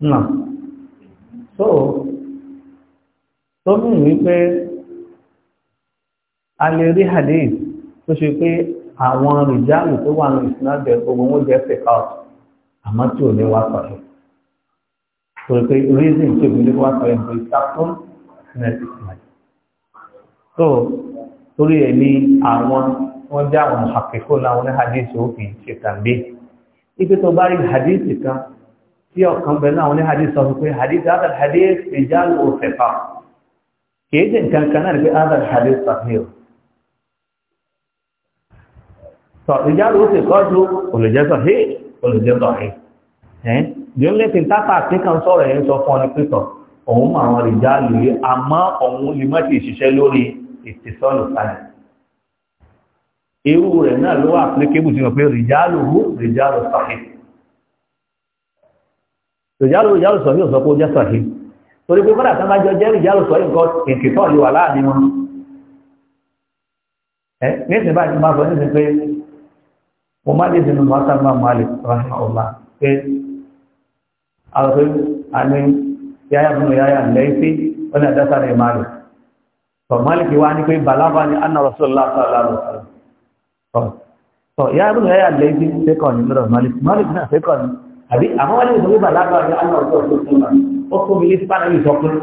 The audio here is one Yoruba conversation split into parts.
náà So, tó mú wípé a lè rí hadith tó ṣe pé àwọn rìjáàlù tó wà ní ìsinadẹ gbogbo wọn jẹ fẹkà àmọ́ tí ò ní wá sọ̀rọ̀ torí pé reason tí òbí ní wá sọ̀rọ̀ ní ìsàkó nẹẹsì náà tó torí ẹ ní àwọn wọn jẹ àwọn àkẹ́kọ̀ọ́ làwọn ní hadith òfin ṣe tàbí ibi tó bá rí hadith kan tí ọ̀kan bẹ̀rẹ̀ náà ní hadith sọ pé hadith adal hadith ìjánu òfẹ́fà kìí jẹ́ nǹkan kan náà rí pé adal hadith sahih sọ ìjánu òfẹ́fà tó olùjẹ́ sahih olùjẹ́ sahih ẹ́n di ó lẹ́sìn tápà tí kan sọ̀rọ̀ ẹ̀ ń sọ fún ọ ní pẹ́tọ̀ òun mọ àwọn ìjánu rẹ̀ náà ló wà applicable sí wọn pé rìjálù rìjálù sahih ìjálù ìjálù sọ yóò sọ pé ó jẹ́ sọ̀hí torí pé kọ́dà tán bá jọ jẹ́rìí ìjálù sọ nǹkan ìkìtọ́ lè wà láàrin wọn ẹ nísìnyí báyìí máa sọ nísìnyí pé mo má dé sínú mọ́tà máa máa lè ránṣẹ́ ọ̀la pé àwọn pé àní yáyà fún yáyà lẹ́yìn sí ó ní àdásá rẹ̀ máa lè tọ̀ máàlìkì wá ní pé bàlábà ní anna rasulullah sallallahu alaihi wasallam tọ̀ yáyà fún yáyà lẹ́yìn sí sẹ́kọ̀ọ́ ní lọ́dọ̀ máàlìkì máàlìkì náà sẹ́kọ̀ọ́ ní àbí àwọn wọ́n lè sọ wípé bàlágbà ní aláwọ̀ tó tó mà ó kó mi lé sípàdà yìí sọ fún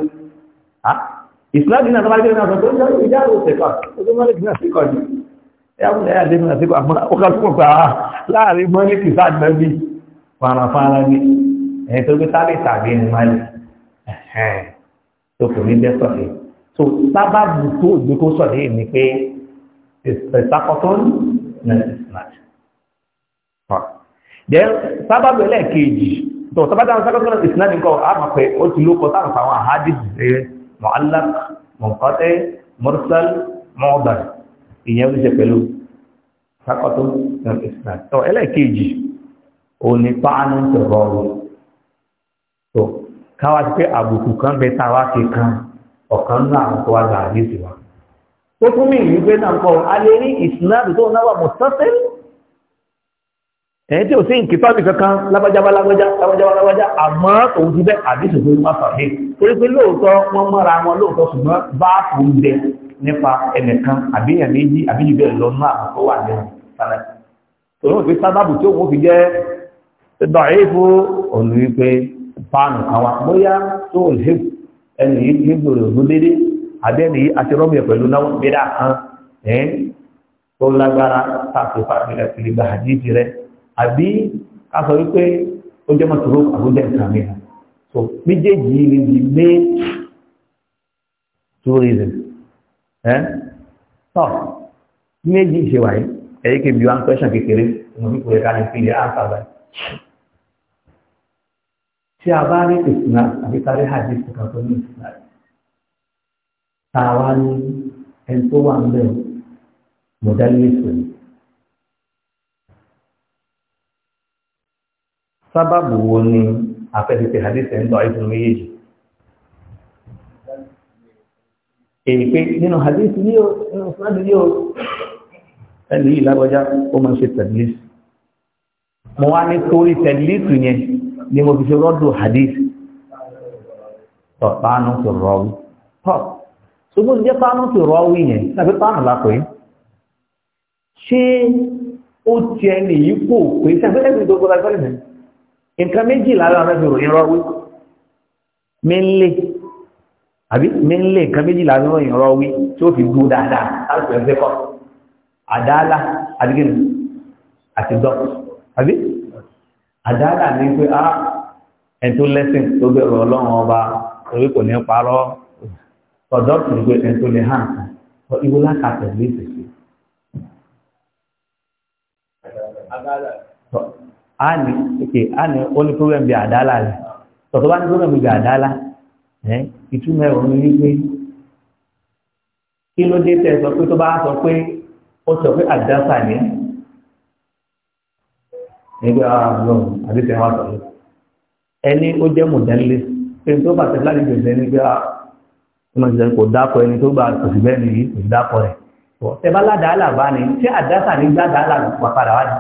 ìsìláàdì náà tọ́bá gbẹ́rẹ́ náà sọ pé ìjà ló sẹ̀kọ́ ọdún mọ́lẹ́kì náà sẹ̀kọ́ ni ẹ̀yà fún ẹ̀yà dẹ́nu náà sẹ̀kọ́ àmọ́ ó kà túnmọ̀ pé àá ah, láàrin mọ́lẹ́kì sáàdìmọ́ bí farafara ni ẹ̀yìn tó gbé sáré tàbí ẹni máa lè ẹ̀hẹ́n tó kò ní jẹ́ sọ̀rọ̀ so sábàbù tó ògbé kó sọ̀rọ̀ yìí ni pé ìsàkọ́tọ́ ní ìsìláàdì then sábàbù ẹlẹ́ẹ̀kejì tó sábàbù àwọn sábàbù náà ìsìnà nìkan àmàpẹ ó ti ló kọ sáàpà àwọn àhádìsì rẹ mu'allaq munqati mursal mu'dal ìyẹn ló ṣe pẹ̀lú sákọ̀tò ìsìnà tó ẹlẹ́ẹ̀kejì ò ní pàánù tó rọrùn tó káwá ti pé àbùkù kan bẹ táwa fi kan ọ̀kan náà àwọn tó wá gbà àdìsì wa tó tún mí ìwé náà náà wà ẹ̀yìn tí ò sí ìkìtọ́ mi kankan lágbájáwá lágbájá lágbájáwá lágbájá àmọ́ òun ti bẹ́ àdíṣù tó má sàfé torí pé lóòótọ́ wọ́n mọ́ra wọn lóòótọ́ ṣùgbọ́n bá fún bẹ nípa ẹnìkan àbíyàn méjì àbíyàn bẹ́ẹ̀ lọ́nà àwọn tó wà lẹ́nu sálẹ̀ tòun pé sábàbù tí òun fi jẹ́ dọ̀ẹ́fù òun wípé páànù kan wá bóyá tó lè ẹni yìí ní gbòòrò òun dédé àbẹ́ni àbí ká sọ wípé ó jẹ́ mọ́tòrò àbújá nǹkan so méjèèjì ni the main two reasons ẹ tọ méjì ṣe wáyé ẹ̀yẹ́ kí n bí one question kékeré mo ní kò lè ká ní fi lè áńsà báyìí tí a bá rí ìsìnà àbí kárí hadith kan tó ní ìsìnà tá a wá ní ẹni tó wà ń bẹ̀rù mọ̀dálẹ́sì sábàbù wo ni afẹ́fẹ́fẹ́ hadith ẹ̀ ń dọ̀ ìfún méjèèjì èyí pé nínú hadith yíò nínú fúnádì yíò ẹni yìí lágbọ́já ó máa ń ṣe tẹ̀lís mo wá ní torí tẹ̀lís yẹn ni mo fi ṣe rọ́dù hadith tọ̀ pánú tó rọ́wí tọ̀ ṣùgbọ́n jẹ́ pánú tó rọ́wí yẹn tàbí pánú lápẹ́ ṣé ó tiẹ̀ nìyí kò pé ṣàgbéyẹ̀wò ìdókòlá ìfẹ́lẹ̀ nǹkan méjì lára àwọn ẹgbẹ̀rún yẹn rọ́wí mẹ́lẹ̀ àbí mẹ́lẹ̀ nǹkan méjì lára àwọn ẹgbẹ̀rún rọ́wí tí ó fi gbó dáadáa láti ẹgbẹ́ kọ́ àdáálà àdígẹ́nu àti dọ́ àbí àdáálà ní pé á ẹni tó lẹ́sìn tó bẹ̀rù ọlọ́run ọba orí kò ní parọ́ ọ̀dọ́ tó ní pé ẹni tó lè hàn ìwọ lákàtẹ̀ lè tẹ̀sí. Ani, òkè àní ó ní problem bí àdálà rẹ̀ tọ̀tọ̀ bá ní problem bí àdálà ẹ̀ ìtumọ̀ ẹ̀rọ ni wípé kí ló dé tẹ̀ sọ pé tó bá sọ pé ó sọ pé àdásà ni nígbà àwọn ah, àbí tẹ̀ wá sọ̀rọ̀ ẹni ó jẹ́ mọ̀dẹ́lẹ́ pé tó bá tẹ̀ láti gbèsè nígbà ìmọ̀ ìṣẹ̀lẹ̀ kò dákọ̀ ẹni tó gbà kò sì bẹ́ẹ̀ nìyí kò sì dákọ̀ rẹ̀ tẹ̀ bá ládàá làbá ni ṣé àdásà ni gbàdàá làbá padà wá ni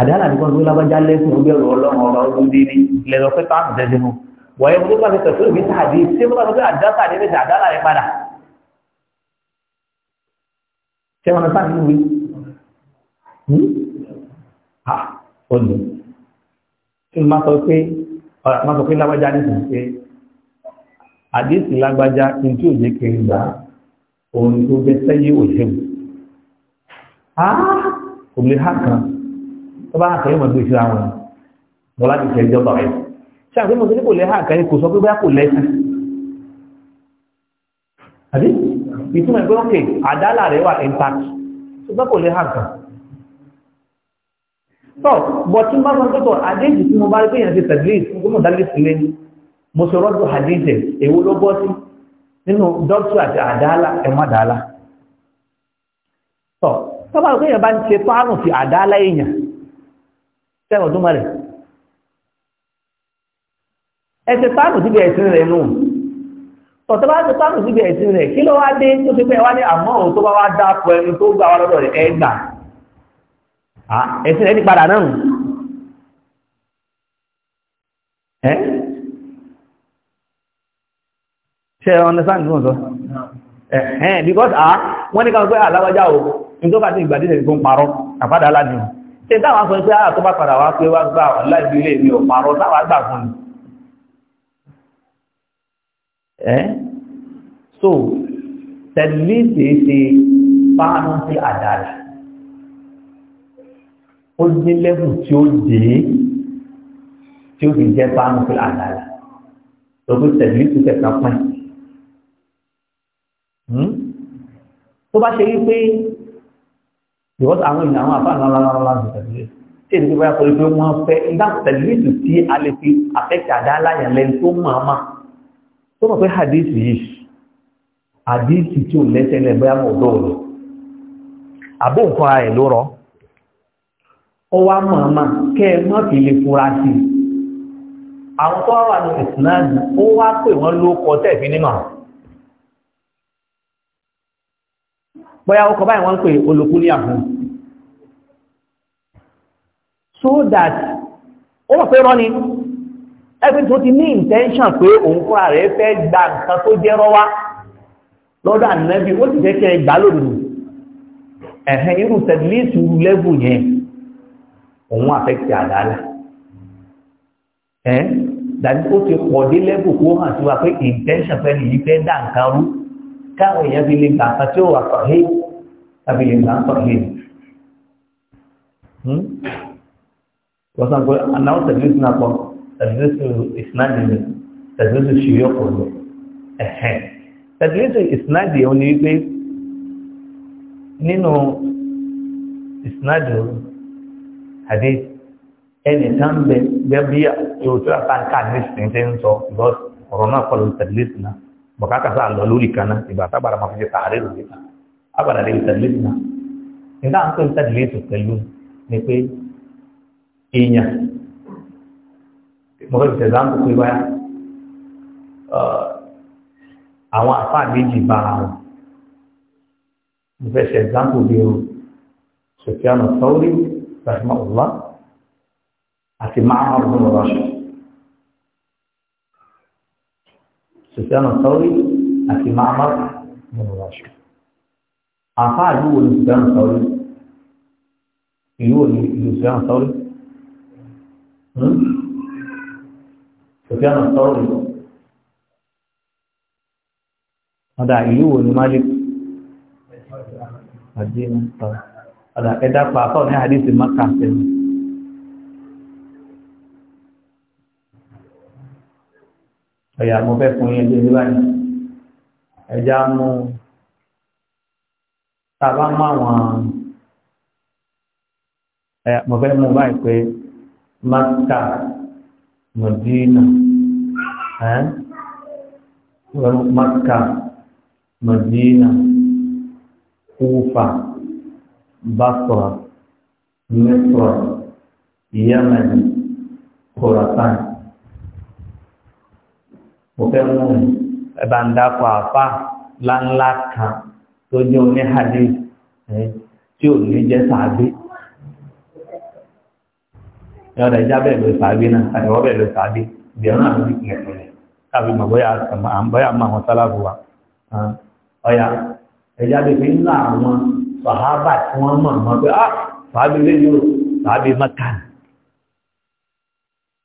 àdáàlà nìkan tó lábájá lẹ́sùn ó bẹ̀rù ọlọ́run ọba ọdún déédéé lẹ́lọ pé pàmù tẹ́sí mu wọ̀nyẹ́ mo tó bá fi tẹ̀sí òbí tàbí tí mo bá fi àdá tàbí ní àdáàlà rẹ padà. ṣé wọn sáà ní wí? Hmm? ha ó lè tí mo máa sọ àdéhùn lágbájá kí n tí ò jẹ́ kí gbà òun tó bẹ́ sẹ́yìn òṣèlú. ah kò lè kan tó bá àkàyè mọ̀ gbé síra wọn lọ láti ṣe ìjọba rẹ̀ ṣe àti mo ti ní kò lẹ́hà àkàyè kò sọ pé bóyá kò lẹ́sí àbí ìtumọ̀ ẹgbẹ́ òkè àdálà rẹ̀ wà intact ṣùgbọ́n kò lẹ́hà kan tọ́ bọ̀ tí bá sọ pẹ́tọ̀ àdéjì tí mo bá rí péyàn ti tẹ̀lé ìfúnkúmọ̀ dálé sílé mo sọ rọ́dù àdéjì èwo ló bọ́ sí nínú dọ́kítù àti àdálà ẹ̀mọ́ àdálà tọ́ tọ́ bá rí péyàn bá ń ṣe fárùn sí àdálà èèyàn sẹ́wọ̀n tó mọ́lẹ̀ ẹsẹ̀ táàmù síbi ẹ̀sìn rẹ̀ nù tọ̀tọ̀ bá ti táàmù síbi ẹ̀sìn rẹ̀ kí ló wá dé tó ti pẹ́ wá ní àmọ́ òun tó bá wá dá pọ̀ ẹni tó gbà wá lọ́dọ̀ rẹ̀ ẹ gbà rẹ̀ ti padà náà ṣe understand ọ̀sọ́ wọ́n ní káwọn pé o ìgbàdí ṣe táwọn afọ ah, ẹgbẹ́ àtọ́ bá padà wá pé wá gbà wọ́n láìpẹ́ ilé mi ò parọ́ àgbà fún mi. ẹ so tẹ̀lé ṣeé ṣe fáánù sí àdáàlà ó ní lẹ́bù tí ó dé tí ó fi jẹ́ fáánù sí àdáàlà lọ́gbẹ́ tẹ̀lé tó tẹ̀ka pín. Hmm? tó bá ṣe wípé. because àwọn ènìyàn àwọn àfáà ńlá ńlá ńlá ti tẹ̀lé tí èdè pípa sọ pé wọ́n fẹ́ ìgbà tẹ̀lé ètò tí a lè fi àfẹ́kì àdáláyà lẹ́nu tó mọ̀ ọ́mà tó mọ̀ pé hadith yìí hadith tí ò lẹ́sẹ̀ lẹ́ bóyá mọ̀ ọ̀dọ́ rẹ̀ àbó nǹkan ara ẹ̀ ló rọ ọwa wá mọ̀ ọ́mà kẹ́ ẹ kì bóyá ọkọ̀ báyìí wọ́n ń pè olùkú ní so that ó mọ̀ pé rọ́ ni ẹgbẹ́ tó ti ní intention pé òun fúnra rẹ̀ fẹ́ gba nǹkan tó jẹ́ rọ́wá lọ́dọ̀ ànẹ́bí ó sì fẹ́ kí ẹ̀hẹ́n irú tẹ̀lẹ́sì lẹ́bù yẹn òun àfẹ́kì àdálà dàbí ó ti pọ̀ dé lẹ́bù kó hàn sí wa intention fẹ́ nìyí fẹ́ dá nǹkan rú káwọn èèyàn fi lè gbà kan tí ó wà sọ̀hí tàbí lè gbà ń sọ̀hí. Hmm? wọ́n sọ pé anáwó tẹ̀lifísì náà pọ̀ tẹ̀lifísì ìsìnàdì ni tẹ̀lifísì ṣùyọ́ kò lọ. tẹ̀lifísì ìsìnàdì òun ni wípé nínú ìsìnàdì àdé ẹnì kan bẹ bẹ bí òtún àtàkà ní ìsìnkú ń sọ ọ̀rọ̀ náà kọlu tẹ̀lifísì náà bùkátà sáà lọ lórí kan náà ìgbà tábàrà máa fi ṣe tààrí rò nípa àgbàdà lè tẹ̀lé ìgbà nígbà tó ń tẹ̀lé Inya. pẹ̀lú ni pé èèyàn mo fẹ́ fi tẹ̀sán kó pé báyà àwọn àfáà méjì bára wọn mo fẹ́ ṣe ẹ̀sánpò bí o Sufyan Thawri rahimahullah àti máa ń rọrùn سفيان الثوري أخي معمر بن راشد عفا يقول سفيان الثوري يقول سفيان الثوري سفيان الثوري هذا يقول مالك الدين الثوري هذا إذا فأعطوني حديث مكة سنة ẹ̀yà mo fẹ́ fún yín ẹgbẹ́ báyìí ẹja mú tàbá mú àwọn ẹ̀yà mo fẹ́ mú báyìí pé máta mọ̀dínà ẹ̀ máta mọ̀dínà kúfà bàtọ̀rọ̀ mẹ́tọ̀rọ̀ yẹ́mẹ̀lì kòrọ̀tàn mo fẹ́ mú ẹ̀bà ń dákọ̀ àfà láńlá kan tó jẹ́ oníhàdí tí ò ní jẹ́ sàábé ẹ̀rọ ìjà bẹ́ẹ̀ ló sàábé náà àtẹ̀wọ́ bẹ́ẹ̀ ló sàábé ìbẹ̀rù náà ló ní ìpínlẹ̀ rẹ̀ káfí mọ̀ bóyá à ń bóyá mọ àwọn sálàbù wa ọ̀yà ẹ̀já bẹ́ẹ̀ fi ń lá àwọn sàhábà tí wọ́n mọ̀ wọn pé ah sàábé lé yóò sàábé mọ́kàn.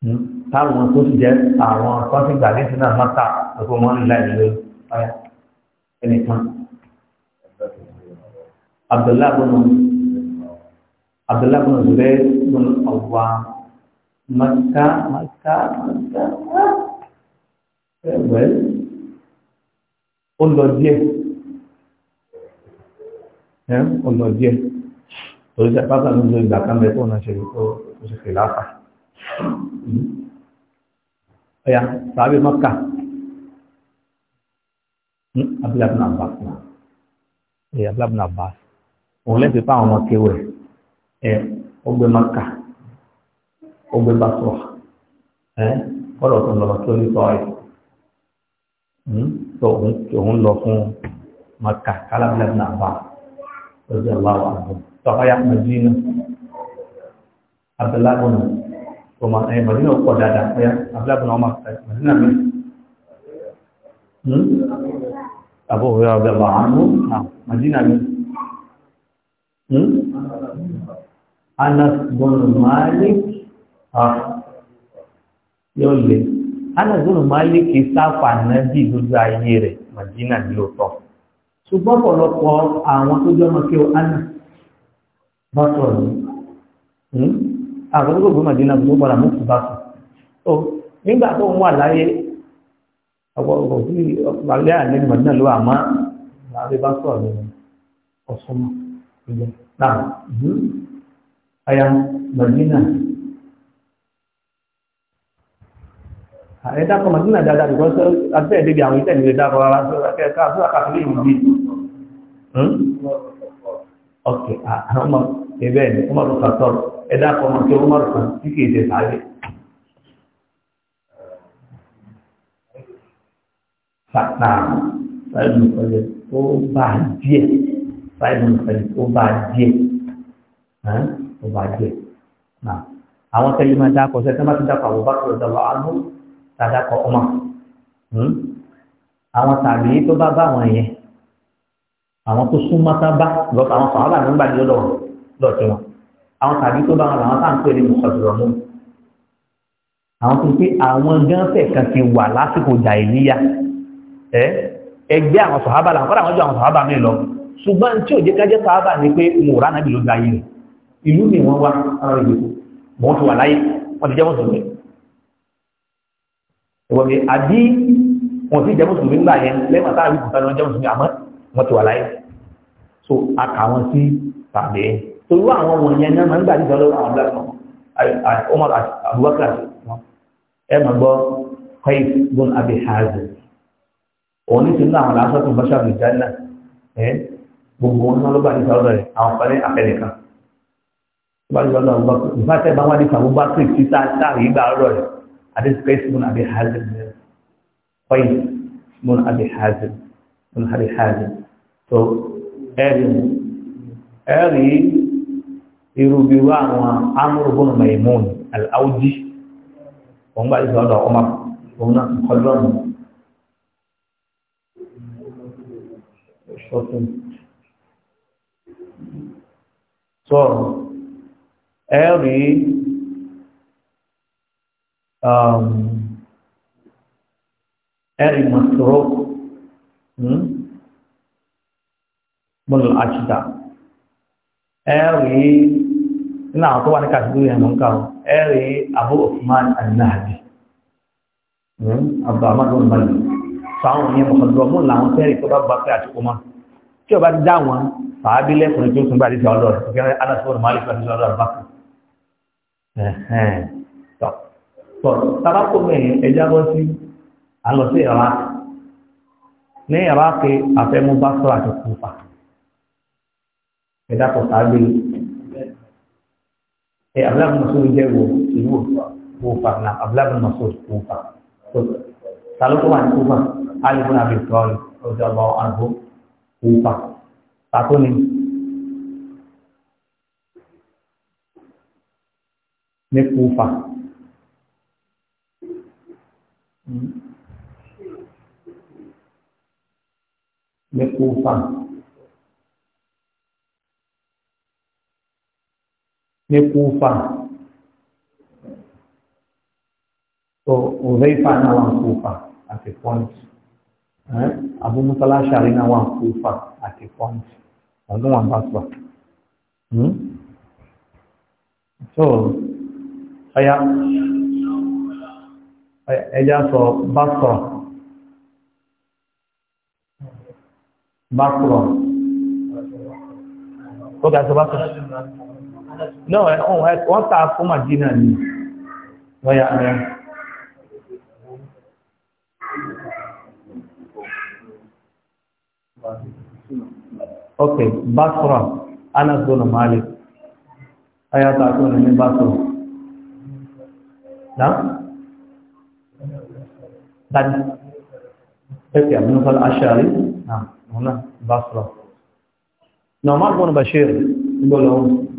Hmm? táwọn tó ti jẹ́ àwọn kọ́ńtìgbà ní sinna mọ́ta ẹ̀kọ́ wọn ń la ìlú ọ̀yà ẹnìkan. Abdullahi bin Abdullahi bin Zubair bin Awwa Maka Maka Maka Well ó lọ díẹ̀ ó lọ díẹ̀ torí sẹ́pátà ló ń lo ìgbà kan bẹ́ẹ̀ tó ń ṣe kó o ẹ̀yà sàbí mọ́kà ní abúlábùnà abbas náà Abdullah abúlábùnà abbas òun lẹ́sìn fún àwọn ọmọ kéwẹ̀ ẹ̀ ọgbẹ́ mọ́kà ọgbẹ́ basọ̀ ẹ̀ kọ́lọ̀ tó ń lọ hmm, tó ní sọ́ọ̀rì tó òun lọ fún mọ́kà kálábùlábùnà abbas ọjọ́ ìwà wà lọ́wọ́ tọ́kọ́yà mọ́jú náà abúlábùnà ọmọ ẹ̀ mọ̀dínà pọ̀ dáadáa ọ̀yá abúlábùnà ọmọ mọ̀dínà mi àbọ̀ òwúrọ̀ ọ̀bẹ̀ bàánú mọ̀dínà mi hmm? Anas bin Malik ah, yóò lè Anas bin Malik sáfà nábì lójú ayé rẹ̀ mọ̀dínà ní lóòótọ́ ṣùgbọ́n ọ̀pọ̀lọpọ̀ àwọn tó jẹ́ ọmọ kí o Anas bọ́tọ̀ ní àwọn tó gbogbo màdínà tó padà mú kú bá sùn tó nígbà tó ń wà láyé ọ̀pọ̀ ọ̀pọ̀ sí ọ̀pọ̀lẹ́ àlẹ́ màdínà ló àmọ́ láàrin bá sọ̀rọ̀ ní ọ̀sọ́mọ́ ìjẹ́ náà ju aya màdínà ẹ dákọ̀ màdínà dáadáa bí wọ́n sọ abẹ́ ẹ̀ débi àwọn ìtẹ̀lẹ́ dákọ̀ rárá sọ ẹ̀ka àbúrò àkàtúndé ìlú bíi ọ̀kẹ́ àwọn ọmọ ẹ̀bẹ̀ ọmọ tó kà sọ̀rọ̀ ẹ̀dá kan mọ̀ tí ó mọ̀rọ̀ kan tí kìí ṣe sáré sàtàrà sáyẹn nìkanlẹ̀ ó bá díẹ̀ sáyẹn nìkanlẹ̀ ó bá díẹ̀ ó bá díẹ̀ náà àwọn tẹ́lẹ̀ máa dákọ̀ ṣe tẹ́ máa ti dákọ̀ àwọn bá kọ̀ ọ̀dọ̀ àánú tàdákọ̀ ọmọ àwọn tàbí tó bá bá wọn yẹn àwọn tó súnmọ́ sábà lọ́tọ̀ àwọn sọ̀rọ̀ àgbà nígbà tí ó lọ́ọ̀tí wọn àwọn tàbí tó bá wọn làwọn tá à ń pè ní mùsọ̀tìrọ̀mù àwọn tó pé àwọn gánfẹ̀ kan ti wà lásìkò jàìlíyà ẹ ẹgbẹ́ àwọn sọ̀hábà làwọn kọ́dà wọn jọ àwọn sọ̀hábà mi lọ ṣùgbọ́n tí ò jẹ́ kájẹ́ sọ̀hábà ni pé mùrá náà bí ló gba ayé rẹ̀ ìlú mi wọ́n wá ara ìlú mọ́ ti wà láyé wọ́n ti jẹ́ mùsùlùmí ìwọ̀n mi àbí wọ́n ti jẹ́ mùsùlùmí ńlá yẹn lẹ́gbàá tá àbí kùtà ni wọ́n jẹ́ mùsùlùmí àmọ́ wọ́n ti wà láyé so a kà sí tàbí torú àwọn wọ̀nyẹn náà máa ń gbà ní ìjọba àwọn ọ̀gbẹ́sàn Umar Abubakar ẹ máa gbọ́ Qais bin Abi Hazim òun ní sinú àwọn aláṣọ tó báṣà lè jáde náà ẹ gbogbo wọn náà ló gbà ní ìjọba rẹ àwọn kan ní àpẹẹrẹ kan bá ní ìjọba Abubakar ìfá tẹ bá wà ní ìfàwọn bá kiri tí táàrí gbà rọ rẹ àti Qais bin Abi Hazim Qais bin Abi Hazim bin Abi Hazim irúbirú àwọn amúrúgbónú maimun al-audi òun gbà ìsọ ọdọ ọmọ òun náà kọlọ́ọ̀nù ṣọ́tún sọ ẹ rí um, ẹ rí mọ̀tòrò mọ̀lá àṣìdá ẹ rí nínú àwọn tó wà ní kàṣíkú yẹn ló ń kàwọ́ ẹ̀rí abu usman al-nahdi hmm, abdulhamid bin bali sáwọn yẹn mọ̀kànlọ́ mú làwọn tẹ́rì tó bá gba pé àtìkú mọ́ tí o bá dá wọn fàábí lẹ́kùnrin tó tún bá àdìsí ọlọ́ rẹ̀ kí alásùwọ̀n máa lè fẹ́ àdìsí ọlọ́ rẹ̀ bákan. tọ́ tabako mẹ́rin ẹja bọ́ sí àti kúfà ẹ̀dá kọ̀ eh Abdullah bin Mas'ud je wo ibu Kufah nah Abdullah bin Mas'ud Kufah kalau kawan Kufah Ali bin Abi Thalib radhiyallahu anhu Kufah satu ni ni Kufah ni Kufah ní kúfà tó òzeifa náà wà ní kúfà àti pọ́ǹtì abúmúsálá ṣàrí náà wà ní kúfà àti pọ́ǹtì ọdún wọn bá sọ. Hmm? so ọya ẹja sọ bákọ̀ọ̀ bákọ̀ọ̀ tó ga sọ bákọ̀ọ̀ náà eh, oh, eh, wọ́n tàá fún Màdínà ní lọ́yà rẹ̀ ok Basra Anas bin Malik ayata tó ní ní Basra náà tàbí ẹ̀kẹ́ àmúnúfà aṣáàrí náà Basra Nu'man bin Bashir gbọ́lọ́wọ́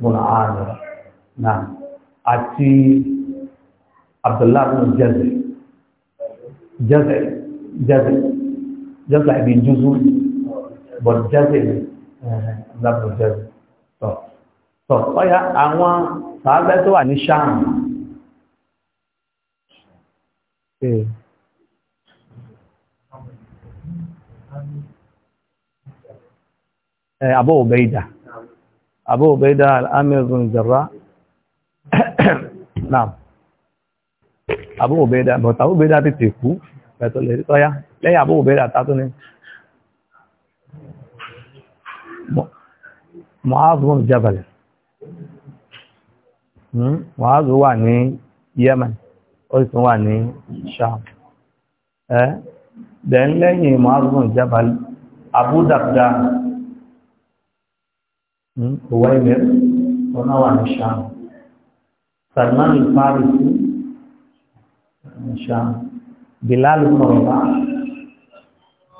mùláàrẹ̀ na ati abdullahi jẹ́zẹ̀ jẹ́zẹ̀ jẹ́zẹ̀ jẹ́zẹ̀ ibi Jeze. but jẹ́zẹ̀ eh, abdullahi jẹ́zẹ̀ tọ́ tọ́ ọ̀yá àwọn sàábẹ́ wa wà ní sáà eh. eh, Abu Ubaida Abu Ubaida al-Amir bin Jarrah naam Abu Ubaida but Abu Ubaida ti ti kú pẹ̀tọ́ lè rí tọ́yá lẹ́yìn Abu Ubaida tátó ní Mu'adh bin Jabal hmm? Mu'adh wà ní Yemen ó sì tún wà ní Sham ẹ́ dẹ̀ ń Abu Darda هويمر ونوع هشام سلمان الفارسي هشام بلال بن رباح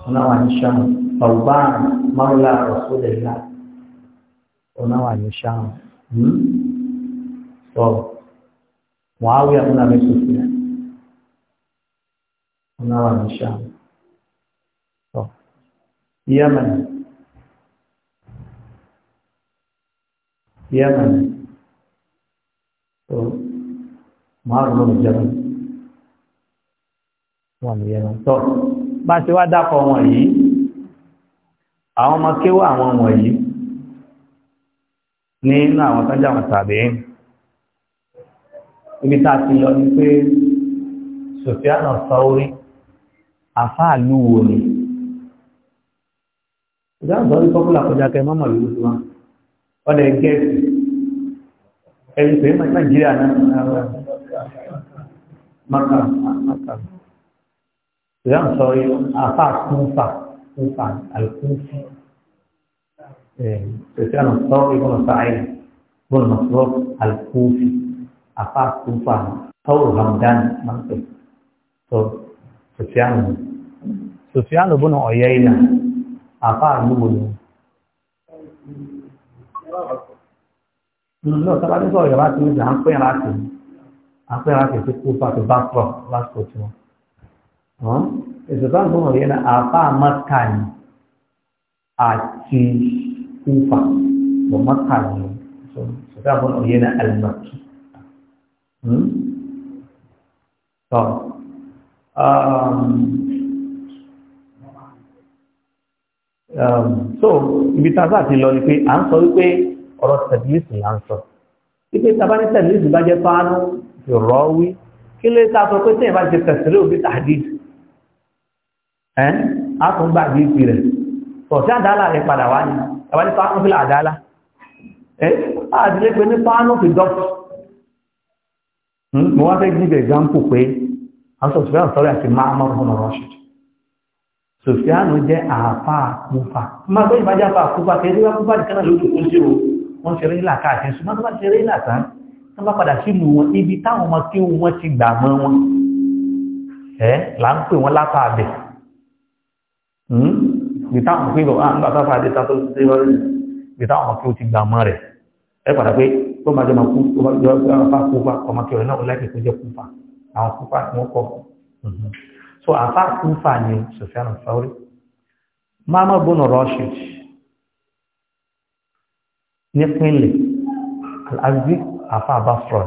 ونوع هشام ثوبان مولى رسول الله ونوع هشام طب معاوية بن أبي سفيان ونوع هشام طب yemen so márùn-ún jẹun wọn ni yemen tọ́ bá ṣe wá dákọ̀ wọn yìí àwọn ọmọ kéwà àwọn ọmọ yìí nínú àwọn tọ́jà wọn tàbí ibi tá a ti lọ ni pé sofiana sauri àfáàlú wo ni ìdáhùn sọ wípé kọ́kúlà kọjá kẹ mọ́mọ́ ìlú tí ọ̀dẹ̀ gẹ̀ẹ́sì ẹ̀yìn pé nàìjíríà náà maka maka ìyá ń sọ yìí afa kúnfà kúnfà alkúnfì tẹ̀sí àná sọ ìbọn sàáyé bọ́ọ̀lù mọ̀sọ́rọ̀ alkúnfì afa kúnfà tọ́wọ̀ hamdan máa ń pè tó tẹ̀sí àná Sufyan ibn Uyayna afa àlúwò náà sábà ní sọ̀rọ̀ yàrá tí ó jà ń pẹ́ ara kì í à ń pẹ́ ara kì í sí kó fà tó bá pọ̀ lásìkò tí wọ́n. èsì bá ń gbọ́n yẹn náà àbá mọ́kà ni àti kúfà bọ̀ mọ́kà ni sọ̀tà gbọ́n yẹn náà àlùmọ̀kì. tọ́ so ibi tàbá ti lọ ni pé à ń sọ wípé ọ̀rọ̀ tẹ̀lísì là ń sọ wípé tàbá ní tẹ̀lísì bá jẹ́ fáánú ìrọ̀ wí kí ló ta sọ pé tẹ̀yìn bá ti tẹ̀sílẹ̀ òbí tàdí ẹ́ á tún gbà bí ìpì rẹ̀ sọ̀tí àdálà rẹ̀ padà wá ní tàbá ní fáánú fi làdálà ẹ́ àdílé pé ní fáánú fi dọ́pù mo wá fẹ́ gbígbẹ̀ example pé àwọn sọ̀tí fẹ́ràn sọ́rọ̀ àti máa mọ́ ọmọ rọ́ṣìdì sòfíànù jẹ́ àáfà kúfà máa gbé ìbájá àáfà kúfà kẹrí wá kúfà nìkan náà lójú oúnjẹ o wọ́n ṣeré ńlá káàkiri ṣùgbọ́n tó bá ṣeré ńlá tán tó bá padà sínú wọn ibi táwọn ọmọ kí wọn ti gbà mọ́ wọn ẹ̀ là ń pè wọ́n lápá abẹ̀ bí táwọn pé bọ̀ àwọn bàbá fàdé ta tó ṣe wọ́n bí táwọn ọmọ kí wọn ti gbà mọ́ rẹ̀ ẹ padà pé tó so àfa kúfà ni Sufyan al-Thawri mama bono Rashid nípínlẹ̀ al-Azdi àfa Basra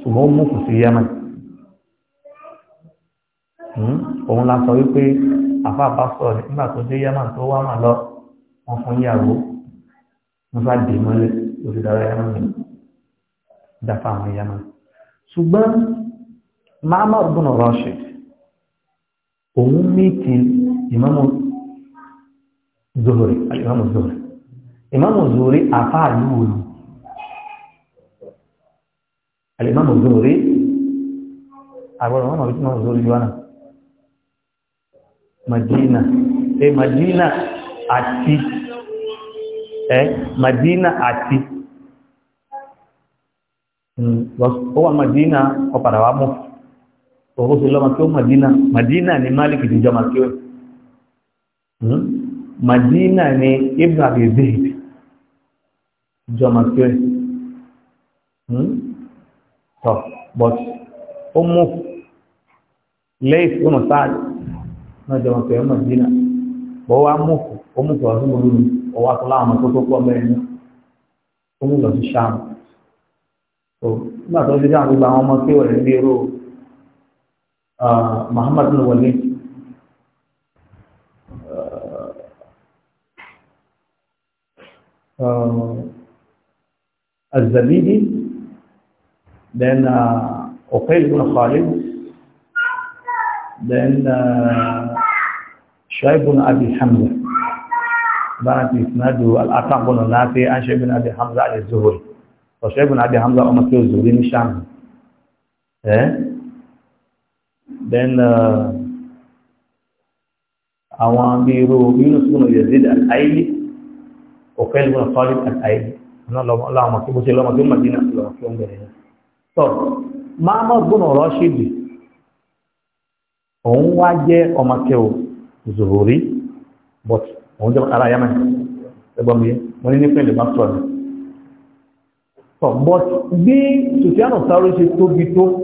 ṣùgbọ́n mú kù sí Yemen hmm? òun la sọ wípé àfa Basra nígbà tó dé Yemen tó wá mà lọ wọn fún yàwó wọn bá dè mọ́lẹ̀ lórí dára Yemen dàpọ̀ àwọn Yemen ṣùgbọ́n. Ma'mar ibn Rashid òun mìtì ìmáàmù Zuhri alìmáàmù Zuhri ìmáàmù Zuhri àfáàlú òní alìmáàmù Zuhri àgbọ̀dọ̀ wọn mọ̀ bí ìmáàmù Zuhri yọ náà Madina ẹ Madina àti ẹ Madina àti hmm, ó wà Madina ọ̀pàdà wa mú òun ti lọ́mọ kí ó Madina Madina ni Malik ti jọmọ kí ó Madina hmm? ni Ibn Abi Zayd jọmọ kí ó hmm? tọ but ó mú lẹ́yìn tó mọ̀ sáà náà jọmọ kí ó Madina bọ́ wá mú ó mú kí ọdún olórí ọwọ́ akọlá àwọn tó tó pọ̀ mẹ́rin ó mú lọ sí sáà nígbà tó ti dáhùn gbogbo àwọn ọmọ kí rẹ̀ ń bí o. محمد بن الوليد آه، الزبيدي بين آه، أقيل بن خالد بين آه، شعيب بن أبي حمزة بنت إسناد الأطع بن نافع عن شعيب بن أبي حمزة عن الزهري وشعيب بن أبي حمزة أمة الزهري من الشام إيه then uh, àwọn bíi irú Yunus ibn Yazid al-Ayli Uqayl ibn Khalid al-Ayli lọ́mọ kí bó ṣe lọ́mọ tó Madina lọ́mọ kí ó ń bẹ̀rẹ̀ tọ́ Ma'mar ibn Rashid òun wá jẹ́ ọmọ kẹwò Zuhuri but òun jẹ́ ara Yaman ẹgbọ́n mi mo ní nípìnlẹ̀ Masra ni So, but bí Sufyan Thawri ṣe tóbi tó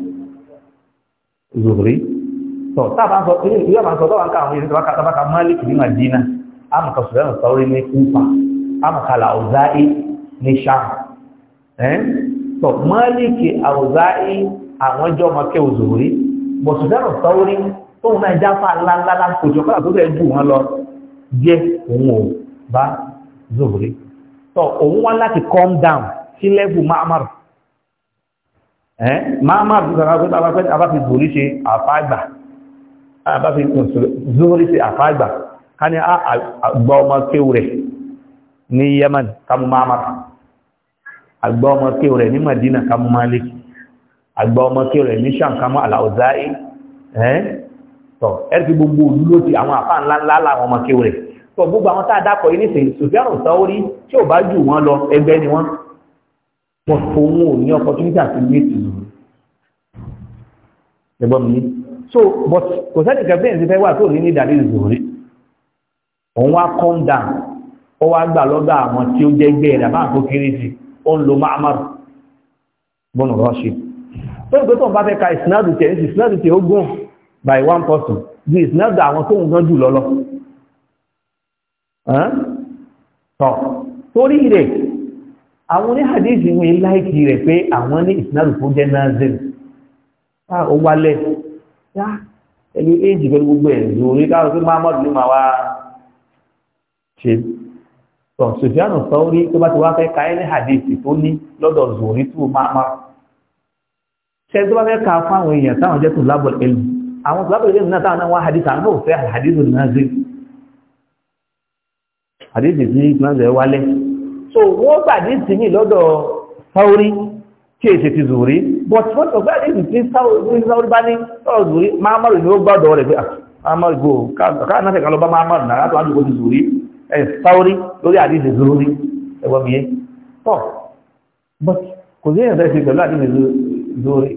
zuhri So tábà ń sọ pé yóò máa sọ tọ́wà ń ká àwọn ìrìnsẹ̀ wákà tábà malik ní madina amaka sùdánù sọ́rí ní kúfà amaka làwùzáì ní sham So malik àwùzáì àwọn ẹjọ́ ọmọ kẹ́ òzòrí bọ̀ sùdánù sọ́rí tóun la la ńláńlá kòjọ kọ́lá tó fẹ́ jù wọn lọ jẹ́ òun ò bá zuhri tọ́ òun wá láti calm down sí level ma'amar máa máa bí sọ́nà pẹ́ta abáfẹ́ abáfi zòrí ṣe àfáàgbà abáfi zòrí ṣe àfáàgbà ká ní ah, àgbà ọmọ kéwù rẹ̀ ní Yemen kàmù máa máa àgbà ọmọ kéwù rẹ̀ ní Madina kàmù Malik àgbà ọmọ kéwù rẹ̀ ní Sham kàmù Al-Awza'i tọ̀ ẹ̀rẹ́fì gbogbo òlú ló ti àwọn àfáà ńláńlá láwọn ọmọ kéwù rẹ̀ tọ̀ gbogbo àwọn tá ni wọ́n but òun ò ní opportunity àti méjì lòun ẹ̀gbọ́n mi so but kò sẹ́ni kẹfẹ́ ẹ̀ ti fẹ́ wà tó ní ní ìdàrí ìzòrí òun wá calm down ó wá gbà lọ́dọ̀ àwọn tí ó jẹ́ gbẹ́ ẹ̀dà máa tó kéré sí ó ń lo mahamad bọ́nù rọ́ṣì tó ń pẹ́ tó ń bá fẹ́ ka ìsinádù tẹ̀ ní ìsinádù tẹ̀ ó gùn by one person ju ìsinádù àwọn tó ń gan jù lọ́lọ́ torí rẹ̀ àwọn oníhàdíìsì wọn yìí láìkì rẹ̀ pé àwọn ní ìsinàlù tó jẹ́ nazil tá ó wálẹ̀ yá ẹni éjì pẹ̀lú gbogbo ẹ̀ ní orí káwọn tó máa mọ́dún ní màá wá ṣe tọ̀ sòfíànù sọ́ọ́rí tó bá ti wá fẹ́ ka ẹni hadíìsì tó ní lọ́dọ̀ zòrí tó máa máa ṣe tó bá fẹ́ ka fún àwọn èèyàn táwọn jẹ́ tó lábọ̀ ẹlù àwọn tó lábọ̀ ẹlù náà táwọn náà wá hadíìsì àwọn náà fẹ́ hadíìsì nazil náà so wọ́n gbà ní ìsinmi lọ́dọ̀ sáórí kí èsì ti zùrí but wọ́n tó gbà ní ìsinmi sáórí bá ní lọ́dọ̀ zùrí máàmàrù ni ó gbọ́dọ̀ rẹ̀ pé máàmàrù gbò káà náà kẹ́kọ̀ọ́ bá máàmàrù náà látọ̀ àdúgbò ti zùrí ẹ̀ sáórí lórí àdíjì zùrí ẹgbọ́n mi yé tọ́ but kò sí èèyàn fẹ́ pẹ̀lú àdíjì zùrí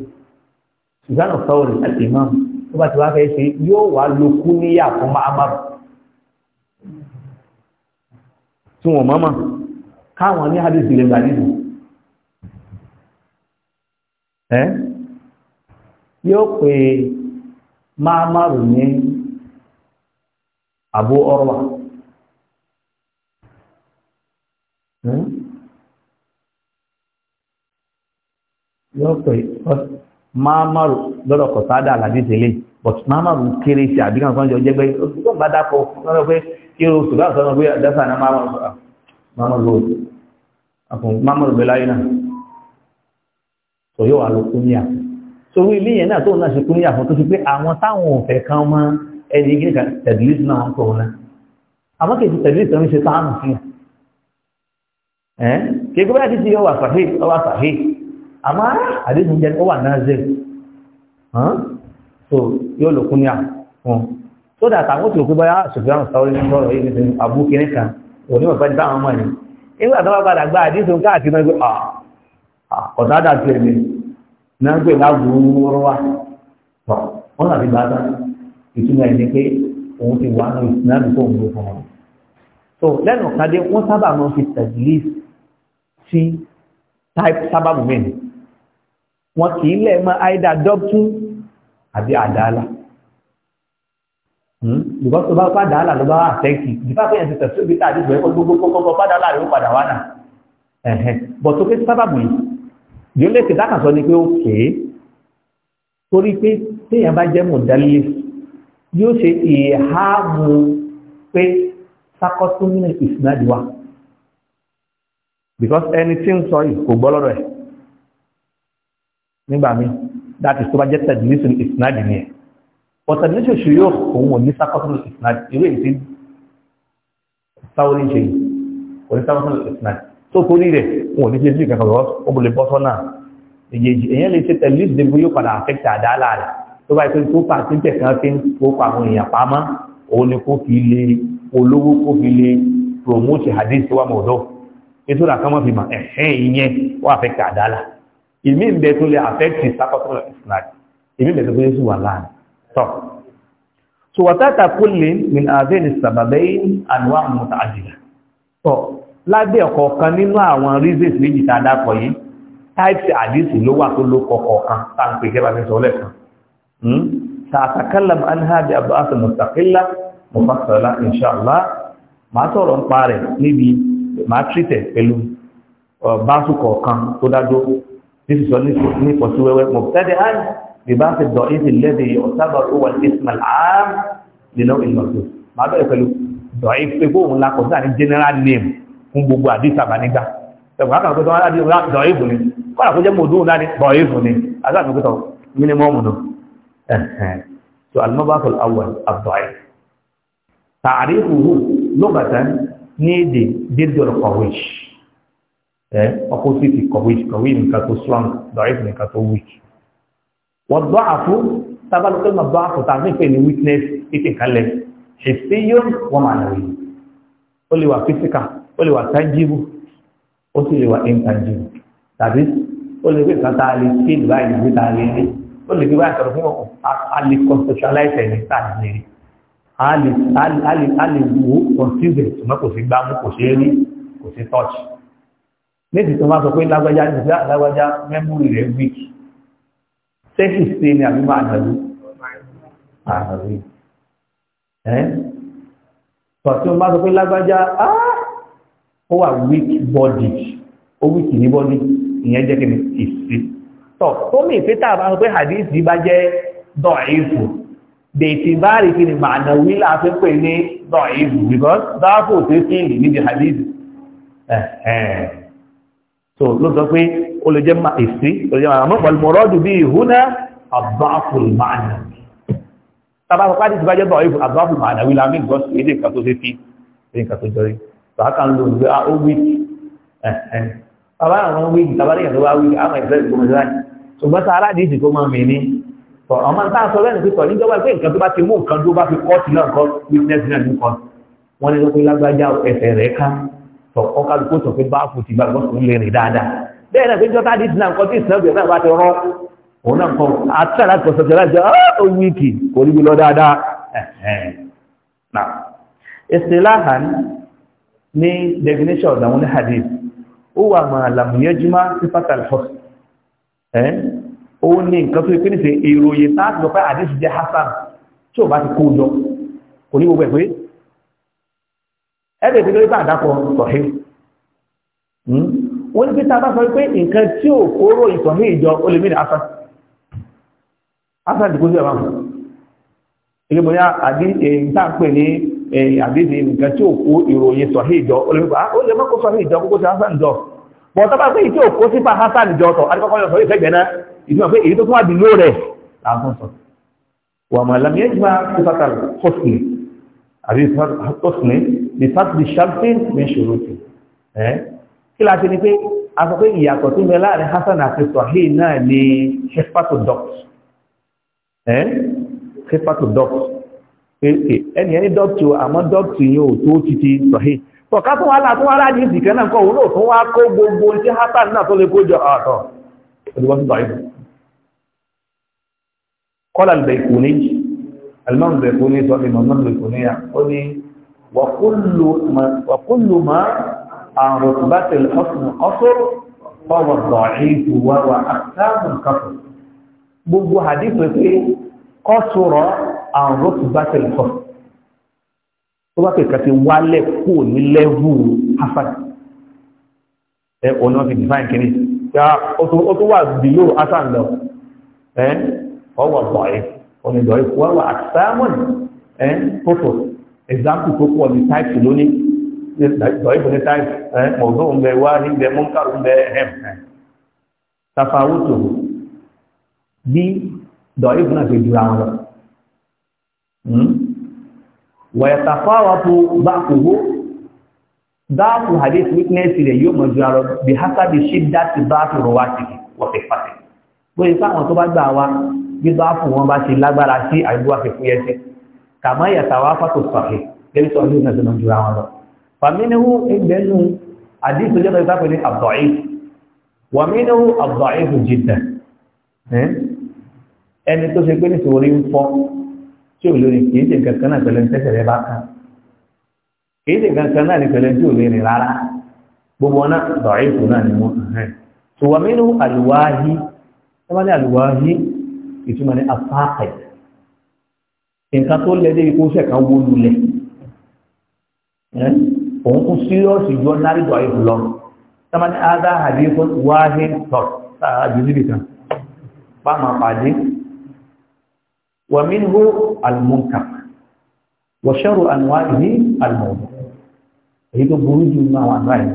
sùdánù sáórí àti imam tó bá ti wá fẹ́ ṣe yóò wá lokú níyà fún máàmàrù tí wọ́n máàmàrù káwọn ní hadith lè gbà nínú ẹ́ yóò pè máàmárù ní Abu Urwa yóò pè máàmárù lọ́dọ̀ kọ̀sádà àlàdíjẹ́lẹ̀ but máàmárù kéré sí àbíkàn sọ́njọ́ jẹ́gbẹ́ ó bá dákọ̀ lọ́dọ̀ pé kí o sùgbà sọ́nà pé dáfà náà máàmárù mamman road àfún mamman road bẹ́láyé na, tó yóò wà ló kú níyà torí ilé yẹn náà tóun náà ṣe kú níyà fún tó fi pé àwọn táwọn òfẹ́ kan mọ ẹni gíga tẹ̀dílìs náà wọn kọ̀ wọn náà àmọ́ kì í ti tẹ̀dílìs tó ń ṣe táàmù sí ẹ̀ kéèké bóyá títí ọwà sàhé ọwà sàhé àmọ́ àdéhùn jẹ́ ọwà náà zẹ̀ so yóò ló kú níyà fún so that àwọn tí òkú báyà ṣùgbọ́n àwọn sáwọ́lé ń sọ̀rọ̀ yìí ní abúkiri kan onímọ̀ fẹ́ dáwọn ọmọ ẹni nígbà tó bá padà gba àdísùn káàkiri náà gbé ah, ah, ọ̀tádà tí ẹni náà gbé lágbóòrò wa tọ̀ wọ́n làbí bá tán ìtumọ̀ ẹni pé òun ti wà ní ìsìnàbí tó ń gbé fún so lẹ́nu kadé wọ́n sábà máa fi tẹ̀lé sí sábàbù mẹ́rin wọn kì í lẹ̀ mọ́ àìdá dọ́pù àbí ìgbà tó bá padà àlà ló bá wà tẹ́kì ìdífà pé ẹ̀sìn tẹ̀sí òbí tàbí ìgbà gbogbo gbogbo padà àlà ló padà wà náà ẹ̀hẹ́ bọ̀ tó ké sábàbù yìí yóò lè ṣe dákàsọ ni pé ó ké torí pé téèyàn bá jẹ́ mọ̀dálẹ́ yóò ṣe ìhámu pé sákọ́tún nínú ìsinádìí wa because ẹni tí ń sọ yìí kò gbọ́ lọ́rọ̀ ẹ̀ nígbà míì that is tó bá jẹ́ tẹ̀dínísìn ìsinádìí ni ẹ̀ bọ̀tà ní ṣòṣù yóò òun ò ní sákọ́tún ìsìnàdì ìwé ìsí sáwọ́rí ṣe kò ní sákọ́tún ìsìnàdì tó torí rẹ̀ wọn ò ní ṣe sí ìkankan lọ́wọ́ ó bò lè bọ́ sọ́nà èyí èyàn lè ṣe tẹ̀lé ìdìbò yóò padà àfẹ́kẹ̀ àdáàlà rẹ̀ tó bá yẹ kó fà sí tẹ̀kan fi ń kópa àwọn èèyàn pamọ́ òun ni kó fi lè olówó kó fi lè promote hadith wa mọ̀dọ́ ètò ìràkàn mọ́ fi mọ̀ ẹ̀hẹ́ ìyẹn ó àfẹ́kẹ̀ àdáàlà ìmí ìbẹ̀ tó lè àfẹ́kẹ̀ sákọ́tún ìsìnàdì ìmí ìbẹ̀ tó lè sùn wà láàrin tọ́ so wàtàtà kúlè min àdéhìn sàbàbẹ́yìn àdúrà mọ̀tàdìlà tọ́ lábẹ́ ọ̀kọ̀ọ̀kan nínú àwọn reasons méjì tá a dápọ̀ yìí types àdìsì ló wà tó ló kọ̀ọ̀kan tá à ń pè kẹ́bà mi sọ lẹ́ẹ̀kan hmm? sàtàkàlàm anhàbí abdu'asa mustaqilla mufassala inshallah máa sọ̀rọ̀ ń pa rẹ̀ níbi máa tírìtẹ̀ pẹ̀lú báṣù kọ̀ọ̀kan tó dájú ní sísọ ní pọ̀síwẹ́wẹ́ mọ̀tẹ́dẹ̀ ببعض الضعيف الذي يعتبر هو الاسم العام لنوع المخصوص ما بقى pẹ̀lú ضعيف ego ńlá kò sáà ní general name fún gbogbo àdìsí àbánígbà ẹ̀kọ́ àkàkọ́ tó wọ́n láti ńlá ضعيف ni kọ́nà kó jẹ́ mọ̀dún ńlá ní ضعيف ni azáàmì kútọ̀ minimum nù so almabato awal abdu'ai ta'arifuhu lugatan ní èdè dídùn kọ̀wéṣ ọkọ̀ sí ti kọ̀wéṣ kọ̀wé nǹkan tó strong ضعيف nǹkan tó weak wọ́n dọ́ àfú tábàlù pé máa bá àfùtà ní pé ní weakness títí kalẹ̀ ṣèṣí yóò wọ́n máa nà rí ó lè wà physical ó lè wà tangible ó sì lè wà intangible tàbí ó lè gbé kàtà lè ṣe ìgbà ìgbé tà lè rí ó lè gbé báyìí sọ̀rọ̀ fún ọ̀ a lè conceptualize ẹ̀ ní sáà lè rí a lè wo conceive ẹ̀ ṣùgbọ́n kò sí gbámú kò ṣe é rí kò sí touch méjì tó máa sọ pé lágbájá lágbájá memory rẹ̀ weak sẹ́kì ni àbí máa nàlú ààrí ẹ́ tọ̀tí wọ́n bá sọ pé lágbájá weak body ó weak ní body ìyẹn ni ìsí tọ̀ tó mì pé tàà bá sọ pé hadisi bá jẹ́ dọ̀ìfù dèètì bá rí kí ni màá nàwí láti pè ní dọ̀ìfù because dáàfò tó sí ìlì so ló sọ oleh jemaah istri oleh jemaah lè wal àmọ́ pọ̀lùmọ̀rọ́dù huna ìhúná àbáfùl tapi tàbá pàpá ti bájẹ́ bá ìfún àbáfùl wilamin wí lámì gọ́ọ̀sì èdè nǹkan tó ṣe fi èdè nǹkan tó jọrí tàbá ń lò ní ó wí tàbá àwọn wí tàbá lè yàtọ̀ wá wí àwọn ìfẹ́ ìgbòmọ̀ láì ṣùgbọ́n tá aládé ìdì tó máa mì ní ọmọ tá a sọ lẹ́nu pípọ̀ níjọba pé nǹkan witness náà ní mana wọ́n ní lọ́pẹ́ lágbájá ẹsẹ̀ rẹ̀ ká tọ̀ ọkàlùkù tó fi báàfù ti gbàgbọ́ sórí dah rìn bẹ́ẹ̀ náà péjọ́ táàdì ìsìnà nǹkan tí ìsìnà bẹ̀rẹ̀ náà bá ti rọ́ òun náà kan àtúnṣe láti pọ̀sọ̀ tẹ̀lé àjọ ó wíìkì kò rí lọ dáadáa náà istilahan ní definition ọ̀dà wọn ní hadith ó wà máa làmúyẹ́júmá sí fatal host ó ní nǹkan tó pé nífẹ̀ẹ́ ìròyìn táàtì lọ pé hadith jẹ́ hasan tí ò bá ti kó jọ kò ní gbogbo ẹ̀ pé ẹ̀rẹ̀ ìpínlẹ̀ bá àdápọ̀ sọ̀hìn hmm? wọ́n ní pé tá a bá sọ pé nǹkan tí ò kóró ìtàn ní ìjọ ó lè mí ní asan asan dìbò sí ẹ̀wọ̀n ilé bóyá àdí èyí tá à ń pè ní àdídì nǹkan tí ò kó ìròyìn sọ ní ìjọ ó lè mí pa ah, ó lè mọ́kó sọ ní ìjọ kókó sí asan jọ bọ̀ tó bá pé ìtí ò kó sípa asan jọ tọ̀ adékọ́kọ́ yọ sọ ìfẹ́ gbẹ̀ná kí láti ní pé a sọ pé ìyàtọ̀ tó mẹ láàrin Hasan àti Sahih náà ni hepato duct hepato duct ẹni ẹni duct o àmọ́ duct yìí ò tó ti ti Sahih tọ̀ká tó wá láàtún wá láàrin ìsìnkẹ́ náà kọ́ òun náà tó wá kó gbogbo tí Hasan náà tó lè kó àtọ̀ olùwọ́sùn báyìí قال البيكوني المام البيكوني صاحب المام البيكونية قولي وكل ما, وكل ما عن رتبة الحسن قصر فهو الضعيف وهو أحسن الكفر gbogbo hadith pé kọ́sùrọ̀ àrùtùbátẹ̀lì fọ́ tó bá kẹ̀kẹ́ ti wálẹ̀ kú ní lẹ́wù hasan ẹ ọ̀nà ti define kìíní ya ó tó wà below hasan lọ ẹ ọwọ́ bọ̀ẹ́ ọ̀nà ìdọ̀ẹ́ wọ́n wà àtàmọ́n ẹ tótó example tó pọ̀ ní type lónìí ìbò ní táìmù mọ̀gbọ́n ń bẹ wá ní bẹ mọ́kàrù bẹ ẹ̀m tafawutu bí dọ̀ìbù náà fi jura wọn lọ wọ̀yẹ̀tàfáwàtò bá kòwó dáàtù hadith witness rẹ̀ yóò mọ̀ jura lọ bí hásábì ṣídá ti bá tó rọ̀ wá sí wọ́pẹ̀ pàtẹ́ bóyá fáwọn tó bá gbà wá gbígbá fún wọn bá ṣe lágbára sí àìbúwà fífúyẹ́sí kàmáyàtàwà fàtò sọ̀rẹ̀ lẹ́yìn tó ọdún náà tó mọ̀ jura wọn lọ fàmínú ìgbẹ́nu àdíṣò jẹ́ tọ́jú tápẹ̀ ní àbọ̀ì wàmínú àbọ̀ì fún jìtẹ̀ ẹni tó ṣe pé ní sòrí ń fọ́ tí ò lórí kìí ṣe kankan náà pẹ̀lú tẹ́sẹ̀ rẹ bá kan kìí ṣe kankan náà ní pẹ̀lú tí ò lórí rárá gbogbo ọ̀nà àbọ̀ì fún náà ni wọ́n tó wàmínú àlùwáyí wọ́n ní àlùwáyí ìtumọ̀ ní afáàkẹ́ nǹkan tó lẹ́dẹ́ ikú ṣẹ̀kan wó lulẹ̀ òun kún síríọ́sì ju ọ́nárì dọ̀ ayé lọ sábà ní ádá àdínkù wáhé tọ̀ sáájú níbi kan pàmò pàdé wàmí hó àlùmọ́ǹkà wọ̀ṣẹ́rù ànúwá ìní àlùmọ́ọ̀dọ̀ èyí tó burú jù nínú àwọn àgbà yìí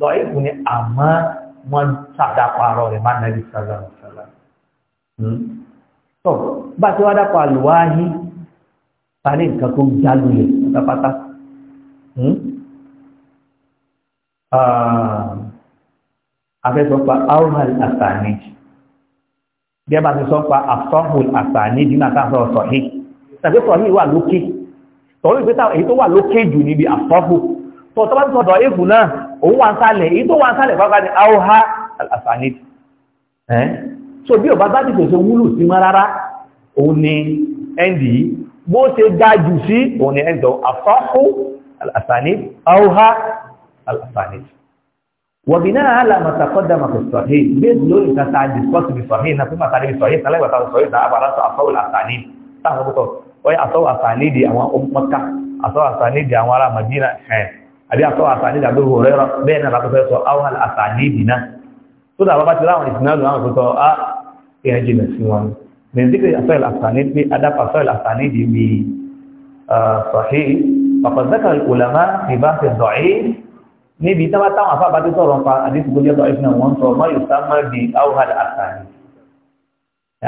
mọ̀ọ́dọ̀ mọ̀ọ́dọ̀ Hmm? afẹ́sọ́pa ah, auhal asanid bí ẹ bá ti sọ́pa afọ́hul asanid nínú àtàkọ́ sọ̀hí tàbí sọ̀hí wà lókè tọ́wọ́ ìpé táwọn èyí tó wà lókè jù níbi afọ́hù tó tọ́bá ti sọ̀dọ̀ èfù náà òun wà ń sálẹ̀ èyí tó wà ń sálẹ̀ pápá ní auha asanid so bí ọba bá ti sí mọ́ rárá òun ni ẹndì bó ṣe ga jù sí òun ni ẹndọ̀ الأسانيد أوها الأسانيد وبناء على ما تقدم في الصحيح مثل إذا تعجز قص بصحيح ثم تعرف صحيح تلاقي وتعرف صحيح ده عبارة عن أصول الأسانيد تعرف بطل وهي أصول الأسانيد دي أو مكة أصول الأسانيد دي أو مدينة حين أبي أصول الأسانيد أبو هريرة بين الأصول أوها الأسانيد هنا تدعى بابا تلاقي الإسناد وأنا كنت أه يهجي نسيوان من ذكر أصول الأسانيد بأدب أصول الأسانيد بصحيح فقد ذكر العلماء في بحث الضعيف níbi tí wọ́n táwọn afábá tó sọ̀rọ̀ pa àdísìkò jẹ́ ọ̀rọ̀ ìfìnà wọ́n sọ ọmọ yóò sáà di áwòhà àtàrí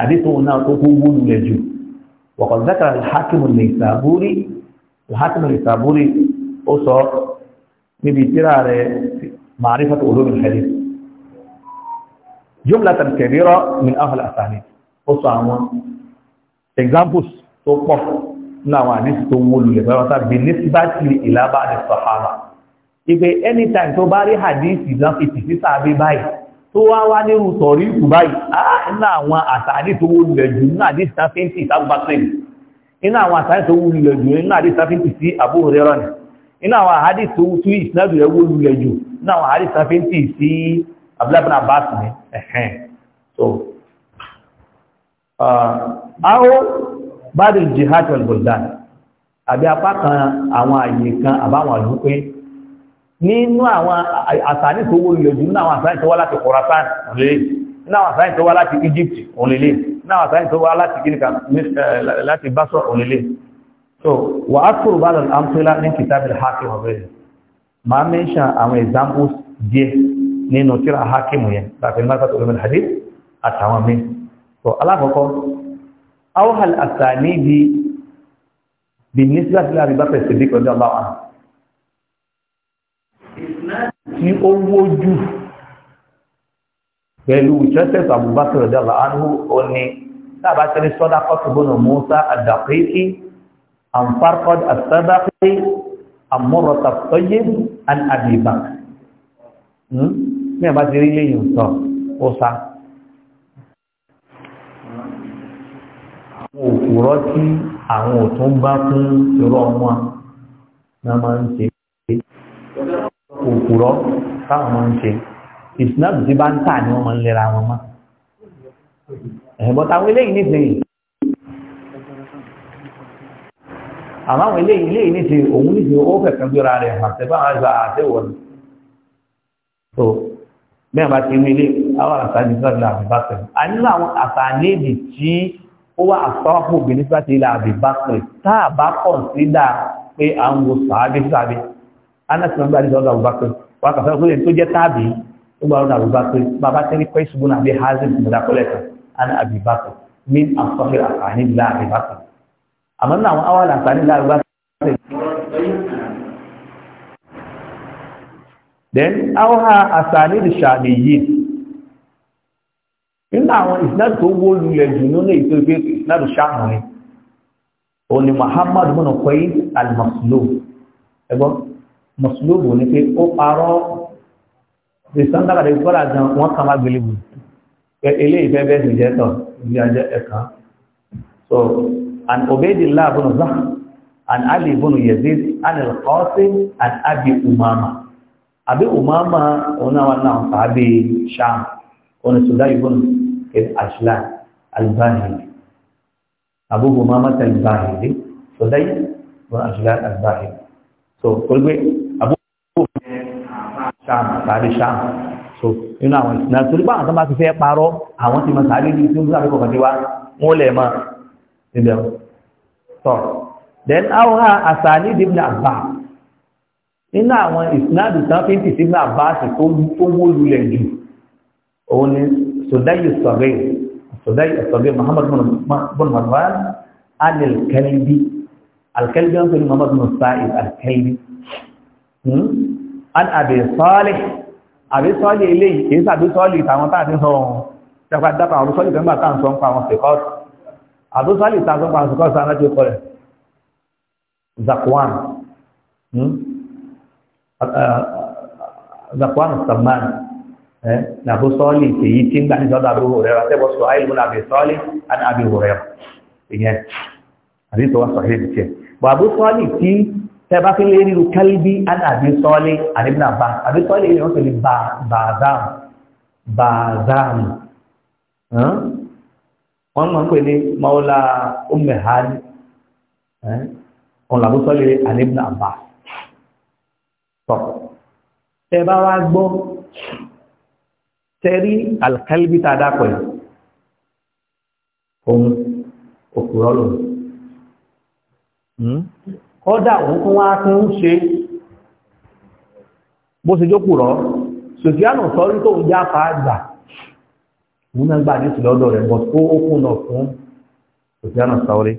àdísìkò náà tó tó wúlù rẹ̀ jù wọ̀kọ̀ zákàrà alhakimu nìsàbúrí alhakimu nìsàbúrí ó sọ níbi tíra rẹ̀ ma'rifatu ulum al-hadith jumlatan kabira min áwòhà àtàrí ó sọ examples tó pọ̀ láwọn àdísì tó wó lulẹ̀ pẹ́lọ́ta bí ní síbáàtì ìlàbà àti sàhábà ìpè anytime tó bá rí àdísì náà fi tì sí sàábé báyìí tó wá wá nírú sọ̀rí ìtù báyìí iná àwọn àtàdé tó wó lulẹ̀ jù ní àdísì náà fi ń tì sábà pẹ̀lú tó wó lulẹ̀ jù Abu Hurairah ni iná àwọn àdísì tó tú ìsinádù rẹ̀ wó lulẹ̀ jù ní àwọn àdísì náà fi ń tì sí Abdullahi bin Abbas ni bádìl jihad wal buldan àbí apá kan àwọn àyè kan àbáwọn ìlú pé nínú àwọn àsàní tó wó lè jù nínú àwọn àsàní tó wá láti Khorasan lélẹ̀ nínú àwọn àsàní tó wá láti Egypt òlélẹ̀ nínú àwọn àsàní tó wá láti gíníkà láti Basra òlélẹ̀ so wà á kúrò bá lọ́nà amtila ní kìtàbí hakim ọ̀bẹ̀rẹ̀ máa mẹ́ṣàn àwọn examples díẹ̀ nínú tíra hakim yẹn láti mẹ́fà tó lómi hadith àtàwọn mi so alákọ̀ọ́kọ́ أوها الأسانيد بالنسبة لأبي بكر الصديق رضي الله عنه tí ó wójú pẹ̀lú joseph abubakar radiyallahu anhu ó ní sábà tẹ́lẹ̀ sọ́dá kọ́tùbọ́nà musa àdàkíkí àǹfàrkọ́d àsábàkí àmúrọ̀tà tọ́yé àbíbà ní ẹ̀bá ti rí hmm? lẹ́yìn sọ ó sá òkúrọ́ tí àwọn òtún bá fún irọ́ wọn náà máa ń ṣe òkúrọ́ táwọn máa ń ṣe ìsìnàbù tí bá ń tà ni wọ́n máa ń lera wọn mọ́ ẹ̀bọ́n táwọn eléyìí nísìnyí àmọ́ àwọn eléyìí eléyìí nísìnyí òun nísìnyí ó fẹ̀kẹ́ gbéra rẹ̀ hàn tẹ́fà àgbà àtẹ́wọ̀ ni so bẹ́ẹ̀ bá ti rí ilé àwọn àṣà ìdíjọ́ ìlànà ìbátan àní àwọn àṣà àléèdì tí ó wá àsọ́hù bí nípa ti ilẹ̀ àbìbákìrì táà bá kọ̀ sídà pé à ń wo sàábí sàábí anásìmọ́gbà ní ọ̀dọ̀ àbúbákìrì wà kàfẹ́ pé tó jẹ́ táàbí ó gbà ọ̀dọ̀ àbúbákìrì bàbá tẹ́lẹ̀ pẹ́ ṣubú náà bí hazin mọ̀lákọ́lẹ̀kà án àbìbákìrì mí àsọ́hù then àwọn àṣà ní ìṣàmì nínú àwọn ìsìláàdì tó wó lulẹ̀ jù nínú ètò ìgbé ìsìláàdì sáàmù ni ó ní Muhammad múnà pé al-Maslum ẹgbọ́n Maslum bò ní pé ó parọ́ ìsìláàdì àti ìfọ́lá gan wọ́n kà má gbélé eléyìí fẹ́ bẹ́ẹ̀ sì jẹ́ tọ̀ ibi ajẹ́ ẹ̀ka so an Ubaydillah bùnà zah an Ali bùnà Yazid an al-Qasim an Abi Umama Abi Umama òun náà wà náà sàábì sáàmù òun ni Sudan ìbùnà Ashlan al-Bahili. Abu Umamat al-Bahili. Sudai bin Ashlan al-Bahili. So, kolbe Abu Sham, Sari Sham. So, inú àwọn ìsìnà torí báwọn tán bá ti fẹ́ parọ́, àwọn ti mọ sáré ní tí ó ń sáré kọ̀ọ̀kan ti wá, So, then àwọn àṣàní ibn Abbas. Nínú àwọn ìsìnà àdùsán fi ń tìsí ibn Abbas tó wó lulẹ̀ jù, òun ni Sudai Sahih Sudai Sahih Muhammad bin Marwan Anil Kalbi Al-Kalbi yang dari Muhammad bin Sa'id Al-Kalbi hmm? An Abi Salih Abi Salih ilé kìí sàbí Salih tàwọn tàà ti sọ tẹ́kwà dápa àwọn Salih tẹ́gbà tàà sọ ń pa àwọn Abi Salih tàà sọ ń pa àwọn sèkọ́t sáà láti Zakwan hmm? uh, uh, Zakwan làbó eh, sọ́ọ̀lì èyí tí ń gbà ní sọ́dọ̀ àbúrò rẹ̀ rẹ̀ sọ́ àìlú làbẹ̀ sọ́ọ̀lì àti àbúrò rẹ̀ ìyẹn àbí tó wà sọ̀hìn tiẹ̀ bọ̀ àbó sọ́ọ̀lì tí tẹ bá fi lé ríru kálíbí àti àbí sọ́ọ̀lì àdébìnà bá àbí sọ́ọ̀lì èyí wọ́n pè ní bàzáàmù bàzáàmù wọ́n máa ń pè ní maula umehani ọ̀làbó sọ́ọ̀lì àdébìnà bá tọ́ tẹ bá wá gbọ́ tẹ́rí alkalbi tá a dápọ̀ yìí òun òkúrọ́ lò kọ́dà òun tún wá tún ṣe bó ṣe jókùrọ́ sòfíànù sọ́rí tó ń já fa àgbà òun náà gbà nítorí ọ̀dọ̀ rẹ̀ bọ̀ tó ó kùnà fún sòfíànù sọ́rí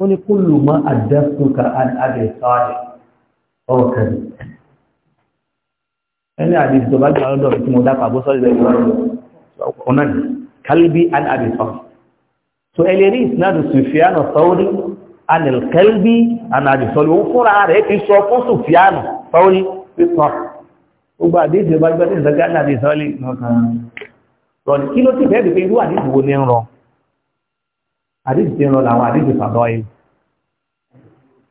ó ní kúlù mọ́ àdẹ́kùnkà adẹ̀sáwájú ọ̀rọ̀ ẹni àdìsí tó bá gbà lọ́dọ̀ tí mo dápa bó sọ́jọ́ ìlú ọ̀nà ni kalbi an àdìsọ́ so ẹlẹ́rí ìsinádù sùfíànù sọ́ọ́rí anil kalbi an àdìsọ́ ló ń fúnra rẹ̀ ti sọ fún sùfíànù sọ́ọ́rí pípọ̀ gbogbo àdìsí tó bá gbà tí ìsọ́gá ní àdìsọ́ lè rọrùn kí ló ti bẹ́ẹ̀ dìpe irú àdìsí wo ni ń rọ àdìsí ti ń rọ làwọn àdìsí fàdọ́yì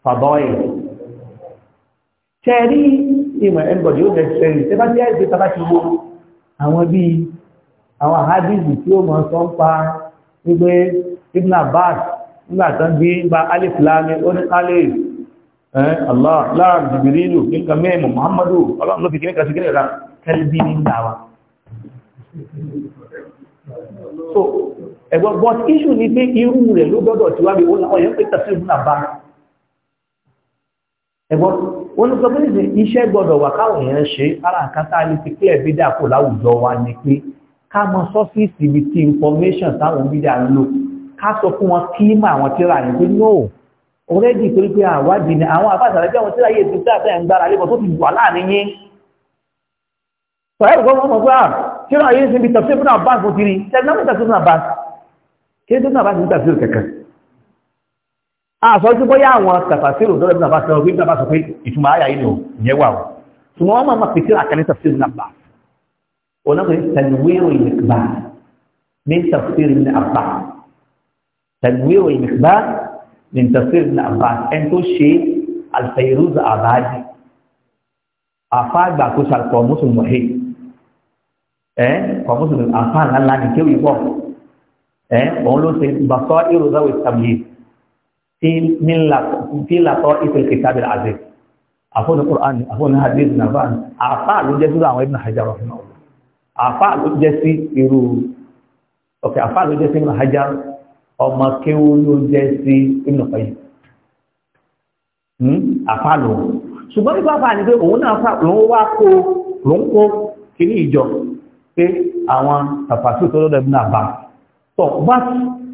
fàdọ́yì tẹ́rí ìmọ̀ ẹgbọ̀dì ó bẹ̀rẹ̀ tẹ́ bá jẹ́ ìgbé tàbá ti wo àwọn bí àwọn àhádìsì tí ó mọ̀ sọ ń pa wípé ibn abbas nígbà tó ń gbé gba ó ní alif allah láàrín nǹkan muhammadu ọlọ́run ló fi kíníkà sí ní so ẹ̀gbọ́n but issue ni pé irú rẹ̀ ló gbọ́dọ̀ ó wọ́n ní sọ pé nìsín iṣẹ́ gbọ́dọ̀ wà káwọn èèyàn ṣe ara nǹkan tá a fi clear bídà kò láwùjọ wa ni pé ká mọ sọ́fíìsì ibi tí information táwọn bídà ń lò ká sọ fún wọn kí mọ àwọn tíra yẹn pé no already torí pé àwádìí ni àwọn àbáṣàlẹ̀ bí àwọn tíra yìí ti tí àtẹ̀ ń gbára lébọ̀ tó ti wà láàrin yín sọ̀rọ̀ ìgbọ́n mọ̀ pé ah, tíra yìí ti bi àṣọ́jú bóyá àwọn tàfàṣírò dọ́rẹ̀ bí nàbàṣọ́ orí nàbàṣọ́ pé ìtumọ̀ ayà inú yẹwà ọ̀ tí wọ́n máa fi tí àkàní tàfàṣírò nàbà onákùnrin tẹ̀lúwérò ìmìkbà ní tàfàṣírò ní àbá tẹ̀lúwérò ìmìkbà ní tàfàṣírò ní àbá ẹni tó ṣe alfẹ̀yẹrúzù àbájì àfáàgbà tó ṣàkọ mùsùlùmí ẹ kọ mùsùlùmí àfáàlá ńlá ní kéwì bọ̀ ẹ òun ló tí látọ́ ìpìlẹ̀ kìtàbí àzẹ́ àfọ́nà Qur'an àfọ́nà hadith na van àfá ló jẹ́ sílò àwọn Ibn Hajar ọ̀fún ọ̀rọ̀ àfá ló jẹ́ sí irú ok àfá ló jẹ́ sí Ibn Hajar ọmọ kéwú ló jẹ́ sí Ibn Qayyim hmm? àfá ló ṣùgbọ́n nípa àfá ni pé òun náà fà ló ń wá kó ló ń kó kíní ìjọ pé àwọn tàfàṣù tó lọ́dọ̀ Ibn Abbas tó bá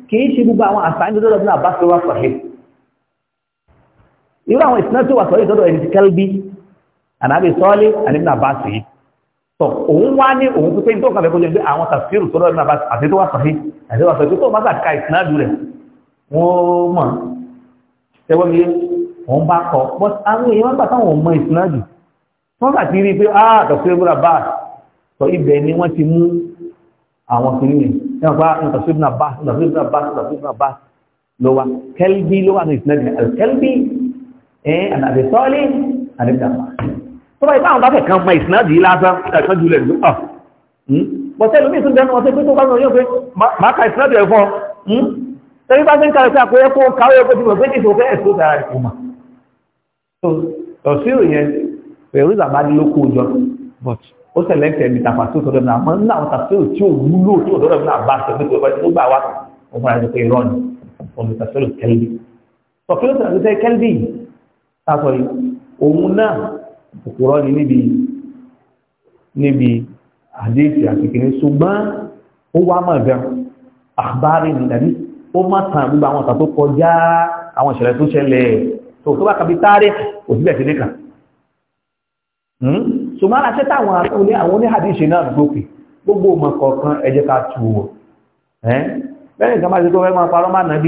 kì í ṣe gbogbo àwọn àṣà ìdọ́dọ̀ Ibn Abbas tó wá sọ̀hẹ́ irú àwọn ìsinmi tó wà sọ ìdọ́dọ̀ ẹni ti kẹ́lbí ànábì sọ́ọ́lé àní ibn Abbas yìí tó òun wá ní òun pípé tó kàfẹ́ kó jẹ́ pé àwọn tàfírù tó lọ́dọ̀ ibn Abbas àti tó wà sọ́hí àti tó wà sọ́hí tó má sà ka ìsinmi àdú wọ́n mọ̀ ṣẹ́wọ́n òun bá kọ́ but àwọn èèyàn gbà táwọn ò mọ ìsinmi àdú wọ́n gbà ti rí i pé ah tàfírù ibn Abbas sọ ibẹ̀ ni wọ́n ti mú àwọn kìnìún yẹn wọ́n gbà ah, tàfírù ibn Abbas tàfírù ibn Abbas tàfírù ibn Abbas ló kẹ́lbí ló wà ní ìsinmi àdú ẹ́ àdàbẹ̀ sọ́ọ́lì àdẹ́dàmà tó bá ipá àwọn bá fẹ̀ kan ma ìsìnàjì lásán ẹ̀kan jùlẹ̀ ló pà ah, hmm? bọ̀tẹ́ lómi ìsìn dẹnu ọ̀sẹ̀ pé tó bá mọ̀ yóò pé máa ka ìsìnàjì ẹ̀ fọ́ hmm? tẹ́lí bá ti ń kàrẹ́ sí àpẹẹrẹ kó kàwé ẹ̀kọ́ ti mọ̀ pé kí ìṣòfẹ́ ẹ̀sọ́ tara rẹ̀ kò mà ọ̀sí ìròyìn pẹ̀lú ìzàbá ní lókò jọ but ó sẹ̀lẹ̀kẹ̀ mi tàfà tó sọ̀rọ̀ náà mọ́ ní àwọn tàfẹ́ tí ó wúlò tí ó sọ̀rọ̀ náà bá sọ pé tó gbà wá ọmọ àti pé ọmọ ìtàfẹ́ lò sásọ yìí òun náà òkúrọ́ ni níbi níbi àdéhìsì àti kìíní ṣùgbọ́n ó wá mọ̀ gan àbárí nìdàbí ó má tàn gbogbo àwọn ọ̀tà tó kọjá àwọn ìṣẹ̀lẹ̀ tó ṣẹlẹ̀ tó tó bá kàbí tárẹ̀ òsíbẹ̀ sí nìkan hmm? ṣùgbọ́n aláṣẹ táwọn àwọn oníhàdíṣe náà gbókè gbogbo ọmọ kọ̀ọ̀kan ẹ jẹ́ ká tù wọ̀ bẹ́ẹ̀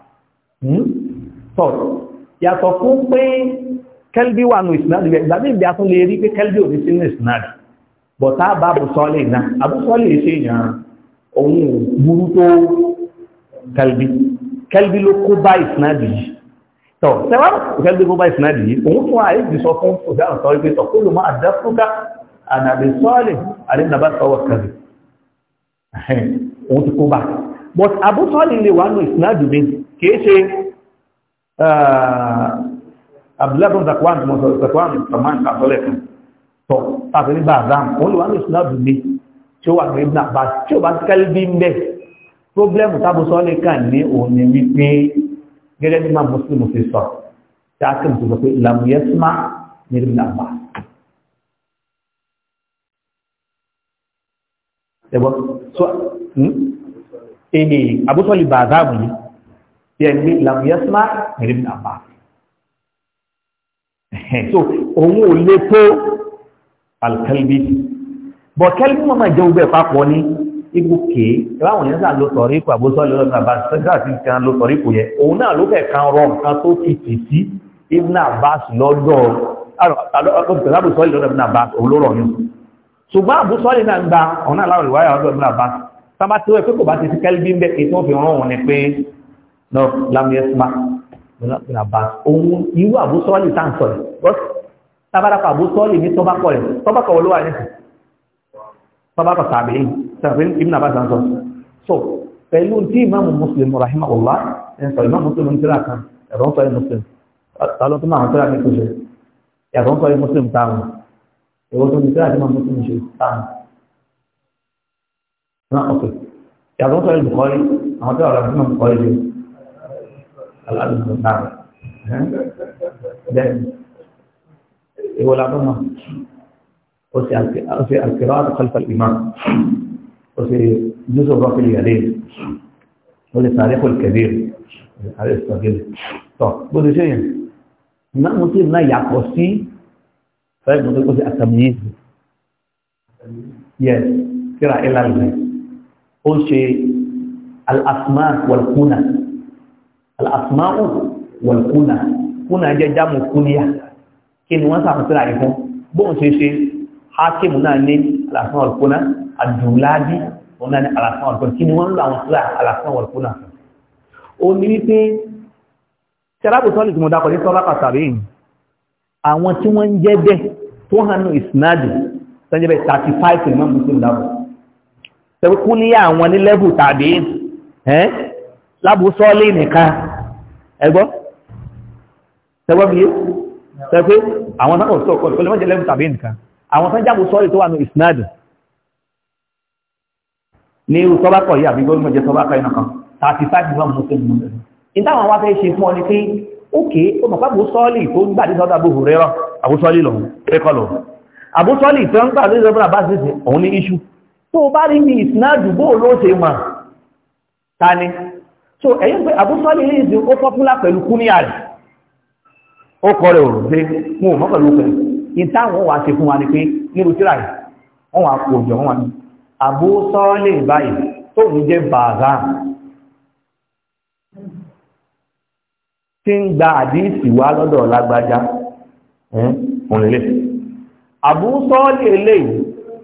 Hmm? tọ́ yàtọ̀ fún pé kẹ́lbí wà nù ìsìnàdì rẹ̀ ìgbàmí ìgbà tún lè rí pé kẹ́lbí ò ní sí nù ìsìnàdì bọ̀tá bá bùsọ́lẹ̀ náà àbúsọ́lẹ̀ ṣe yàn òun burú tó kẹ́lbí kẹ́lbí ló kó bá ìsìnàdì yìí tọ́ sẹ́wà kẹ́lbí kó bá ìsìnàdì yìí òun tún àyè ti sọ fún òṣà àtọ́ ìgbé tọ́ kó ló máa dẹ́kúrúkà ànàbì sọ́ọ̀lẹ̀ àdínàbà sọ́wọ́ kẹ́lbí òun ti kó bá but àbúsọ́lẹ̀ lè wà nù ìsìnàdì kìí ṣe ah, abdullabun zakwan zakwan saman kàtọ́lẹ̀ kan tọ́ tàbí ní bàzán òun ló wà ní ìsìláàbù mi tí ó wà ní ibùdó àbá tí ó bá ti kálí bí ń bẹ̀ pọ́blẹ́mù tábù sọ́ọ́lẹ̀ kan ní òun ni wípé gẹ́gẹ́ bí máa mùsùlùmù ti sọ tí a kìí sọ pé làmúyẹ́símà ní ibùdó àbá ẹgbọ́ so ehe abúsọ́lì bàzáàbù yìí tẹ̀mí lamiyasma ẹ̀rìn nàbà so òun ò lè tó alkalbi bọ̀ kẹlbi mọ́ máa jẹ́ ogbẹ́ papọ̀ ní igbókè láwọn yẹn sáà ló sọ̀rí ipò àbúsọ́ lọ́dọ̀ nàbà sẹ́gbà sí kan ló sọ̀rí ipò yẹn òun náà ló fẹ́ kan rọ nǹkan tó fi tì sí ibn abbas lọ́dọ̀ àbúsọ́ lọ́dọ̀ nàbà olórọ̀ yẹn ṣùgbọ́n àbúsọ́ lè náà gba ọ̀nà aláwọ̀ ìwáyà lọ́dọ̀ nàbà sábà tí wọ́n pẹ́ kò bá ti fi kẹlbi ń bẹ́ ètò òfin rán òun ni pé no lamyesma ibn abbas òun irú àbúsọ́ọ̀lì tá à ń sọ rẹ̀ bọ́s tábàdàpọ̀ àbúsọ́ọ̀lì ní tọ́bákọ̀ rẹ̀ tọ́bákọ̀ olówó rẹ̀ sì tọ́bákọ̀ tàbí sàbẹ̀ ibn abbas ń sọ so pẹ̀lú tí ìmáàmù muslim rahimahullah ẹ̀ ń sọ ìmáàmù muslim ń tẹ́lá kan ẹ̀rọ ń sọ ẹ̀ muslim tọ́lọ́ tó máa ń tẹ́lá ní kúṣe ẹ̀rọ ń sọ ẹ̀ muslim táwọn ẹ̀rọ tó ní tẹ́lá tí máa muslim ṣe táwọn náà ọ̀kẹ́ ẹ̀rọ ń sọ ẹ̀ bùkọ́rí àwọn tẹ́lá ọ̀rọ̀ aláàdúgbò náà bẹ́ẹ̀ ìwọ la dọ́mà ó sì àkìrá àtàkàlùfà ìmá ó sì jùsọ̀ rọ́pìlì yàrá ó sì tàríkù kẹbí ààrẹ ìsọ̀gẹ́lẹ̀ tọ́ gbọ́dọ̀ ṣe yẹn náà mo sì náà yàtọ̀ sí yes kíra ìlànà ó ṣe al al-asma'u wal kuna kuna jẹ́ jámù kúníyà kí ni wọ́n sàfẹ́sílà rẹ̀ fún bóun ṣe ṣe hakim náà ní al-asma'u wal kuna adùláàdì wọn náà ní al-asma'u wal kuna kí ni wọ́n ń lo àwọn sílà al-asma'u wal kuna fún ó ní wípé ṣẹlábù àwọn ní lẹ́bù tàbí lábù sọ́lì nìkan ẹgbọ́ tẹgbọ́ fi yé tẹgbẹ́ àwọn náà sọ ọkọ̀ ìpínlẹ̀ mọ́jẹ̀ lẹ́mú tàbí nǹkan àwọn tán jábò sọ́ọ̀rì tó wà ní ìsinádì ní irú tọ́bákọ̀ yìí àbí gómìnà jẹ́ tọ́bákọ̀ yìí nìkan thirty five million muslim muslim ìtàwọn wá fẹ́ ṣe fún ọ ni pé ókè ó mọ̀ pábò sọ́ọ̀lì tó ń gbà ní sọ́dọ̀ àbúhù rẹ́rọ̀ àbúsọ́ọ̀lì lòun rékọ́ lòun àbúsọ́ọ̀lì tó ń gbà ní sọ́dọ̀ àbáṣe òun ní iṣu tó bá rí ní ìsinádì bóòlù ó ṣe mọ̀ ta ni so ẹ̀yẹ́ pé àbúsọ́lì ní ìsìn ó pọ́púlá pẹ̀lú kú ní rẹ̀ ó kọ́ rẹ̀ òrùn pé wọn ò mọ́ pẹ̀lú pẹ̀lú ìtàwọn wà ṣe fún wa ní pé nílùú tíra rẹ̀ wọ́n wà kò jọ wọn àbúsọ́lì báyìí tó ń jẹ́ bàzá tí ń gba àdíìsì wá lọ́dọ̀ lágbájá òun lè àbúsọ́lì eléyìí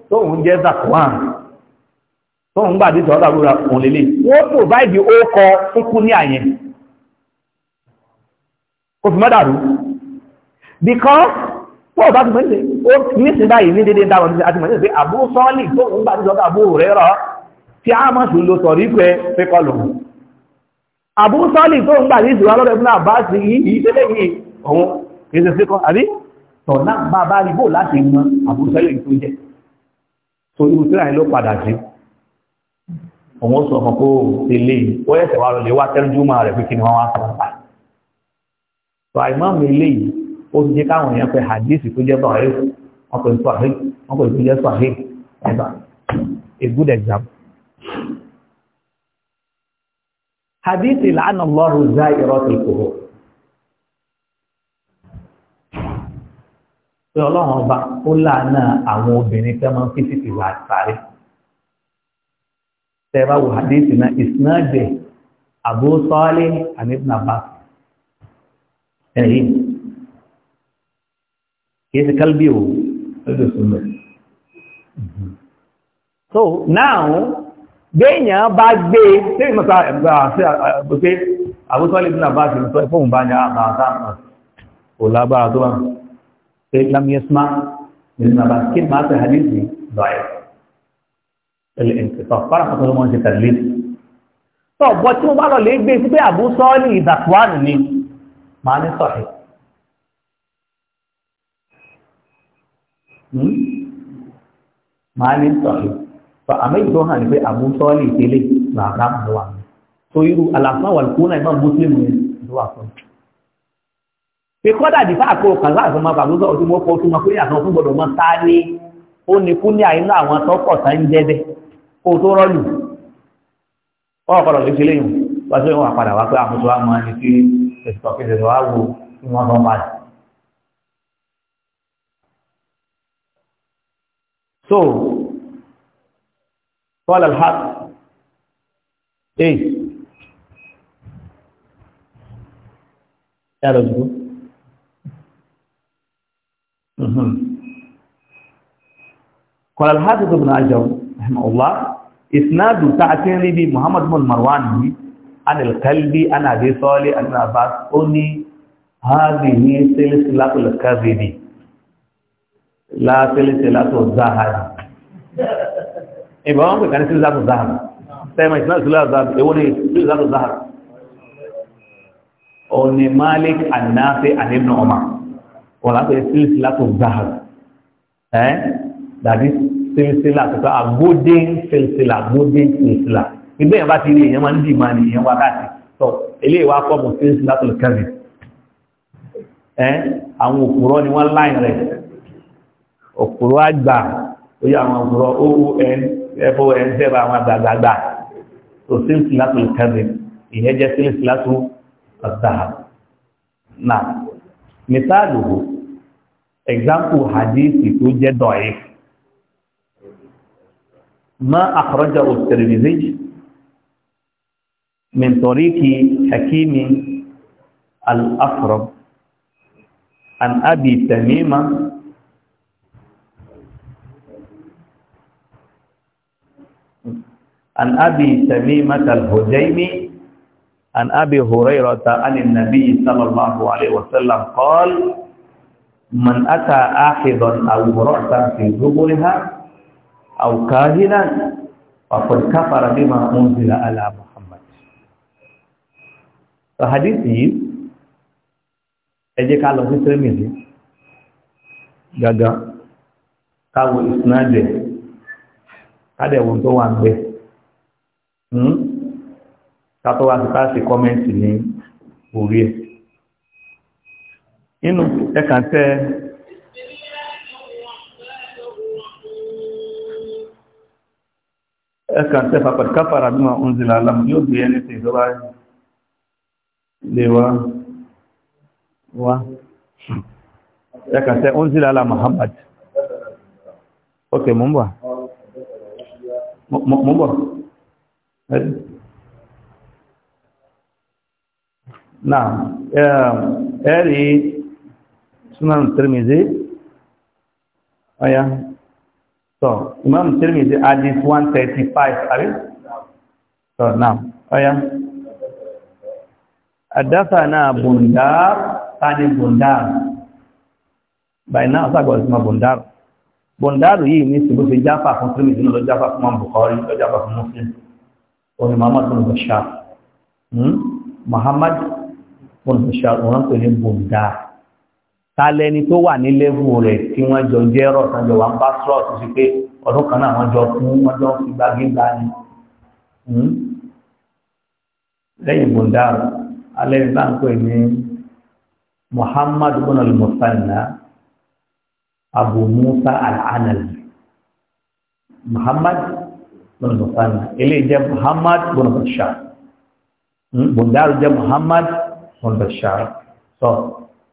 tó ń jẹ́ zakwan tó ń gbà dìtọ̀ ọ̀dàrúra òun lélẹ̀ wọ́n pòváìdì ó kọ fúnkú ní àyẹn kò fi mọ́dàrú because wọ́n bá ti mọ́ nílẹ̀ ó nísìn báyìí ní dédé dáwọn àti mọ̀ nílẹ̀ àbú sọ́ọ̀lì tó ń gbà dìtọ̀ àbú rẹ̀ rọ tí a mọ̀ sí lo sọ̀rí pé pé kọ lò àbú sọ́ọ̀lì tó ń gbà ní ìṣòro ọlọ́dẹ fún àbá sí yìí tẹ́lẹ̀ yìí òun kì í ṣe síkọ́ àbí tọ̀nà bá bá rí bò láti mọ àbú sọ́ọ̀lì tó jẹ́ so irú òun sọ fún kó tẹ̀lé oh, e. ó yẹ̀sẹ̀ wà lọ́lẹ̀ wá tẹ́rùjúmọ́ rẹ̀ pé kí ni wọ́n wá sọ̀rọ̀ pa tó àìmọ́mù eléyìí ó ti jẹ́ káwọn èèyàn pé hadisi tó jẹ́ bọ̀rẹ́ wọn pè sọ̀rẹ́ wọn pè tó jẹ́ sọ̀rẹ́ ẹ̀bà a good example. hadisi làánà lọ́rù zá irọ́ tó kò pé ọlọ́run ọba ó láàánà àwọn obìnrin tẹ́ máa ń fi títì wà sáré tẹ́ẹ̀bá wò hadith náà ìsinájẹ̀ Abu Salih àní Ibn Abbas ẹ̀yìn kìí ṣe kálbí o lọ́dọ̀ sọ́lọ́ so now gbéyàn bá gbé tí ìmọ̀ta ẹ̀gbà sí àgbẹ̀gbẹ̀ Abu Salih Ibn Abbas ti sọ fún ìbájá àbáta kò lágbára tó bá ṣe lámìyẹ́símá Ibn Abbas kí máa tẹ̀ hadith ní báyìí ẹlẹ́ǹtẹ̀tọ̀ fárakọ̀tọ̀ ló wọ́n ṣe tẹ̀lé tọ́ bọ́ tí mo bá lọ lè gbé sí pé àbú sọ́ọ́lì ìdàtúwánì ni màá ní sọ̀rọ̀ màá ní sọ̀rọ̀ tọ́ àmì ìjọ hàn ní pé àbú sọ́ọ́lì ìtẹ́lẹ̀ làbá mọ̀ wà ní tó irú àlàfáà wà lókùnrin náà ìmọ̀ mùsùlùmí ni ló wà fún mi pé kọ́dà dìfà àkó kàzá àfọmọ àbúzọ ọdún mọ́kọ́ ọdún mọ́kọ́ yàtọ̀ fún gbọ́dọ̀ mọ́ sáà ó tó rọ́lù wọ́n ọ̀pọ̀lọ̀ fi ṣe léyìn wá sí ìwọ̀n àpàdà wá pé àmúṣọ àmọ́ ẹni tí ẹ̀sìtọ̀ fi ṣẹ̀ṣẹ̀ wá wo tí wọ́n tán padà. so قال الحق ايه يا رجل قال الحافظ ابن عجب رحمه الله isnadu ta àti rí bí muhammad bin marwan yìí anìlkalbi anàdé sọ́ọ́lé anìlàbá ó ní hazi ní sílẹ̀sì látò lẹ́kàrìdì látílẹ̀sì látò záhàrì ìbọn pẹ̀kà ní sílẹ̀ látò záhàrì sẹ́mọ̀ ìsìnà sílẹ̀ látò záhàrì èwo ní sílẹ̀ látò záhàrì ó ní malik annafi anibnu umar wọ́n látò sílẹ̀ látò záhàrì that is sílsílà tuntun àgódé sílsílà àgódé sílsílà ìgbẹ́ yẹn bá ti rí èèyàn máa ń dì máa ní èèyàn wákàtí tọ́ ilé ìwà kọ́bù sílsílà tó lè kẹ́rì ẹ́ àwọn òkúrọ́ ni wọ́n láì rẹ̀ òkúrọ́ àgbà ó yẹ àwọn òkúrọ́ oon fon sẹ́ba àwọn àgbàgbà tó sílsílà tó lè kẹ́rì ìyẹn jẹ́ sílsílà tó الذهب نعم مثاله example hadithi tó jẹ́ dọ̀ẹ́ ما أخرجه الترمذي من طريق حكيم الأقرب عن أبي تميمة عن أبي تميمة الهجيمي عن أبي هريرة عن النبي صلى الله عليه وسلم قال من أتى آحدا أو مرأة في زبرها أو كاهنا فقد كفر بما أنزل على محمد فحديث yìí ẹ jẹ́ ká lọ sí Tirmidhi gàgà káwọ ìsinádẹ̀ kádẹ̀wò tó wà ń bẹ̀ hmm? kátọ́ wá sí káàsì kọ́mẹ́ǹtì ẹkàn tẹ́ fàpàdé káfàrà bí ma ń zìlà alam yóò gbé ẹni tí ìjọba lè wá wá ẹkàn tẹ́ ń zìlà Muhammad ok mú bọ̀ mú bọ̀ ẹ̀dí ẹ̀rí sunan Tirmidhi ọ̀yá So, Imam Tirmidhi hadith 135, are you? So, now, oh yeah. Adafana Bundar, Tani Bundar. By now, I got my Bundar. Bundar yìí ní ṣe bó ṣe jáfà fún Tirmidhi ló jáfà fún Imam Bukhari, ló jáfà fún Muslim. Ó ní Muhammad bin Bashar. Hmm? Muhammad bin Bundar tálẹ́ni tó wà ní lẹ́bù rẹ̀ tí wọ́n jọ jẹ́ rọ̀ tán jọ wà ń bá sọ̀rọ̀ tó sì pé ọdún kan náà wọ́n jọ fún wọ́n jọ fi gbágbégbá ni. Hmm? lẹ́yìn bondaro alẹ́ ní báńkì ní Muhammad bin al Abu Musa al-Anali Muhammad bin al-Musanna eléyìí jẹ́ Muhammad bin Bashar hmm? bondaro jẹ́ Muhammad bin Bashar sọ̀rọ̀.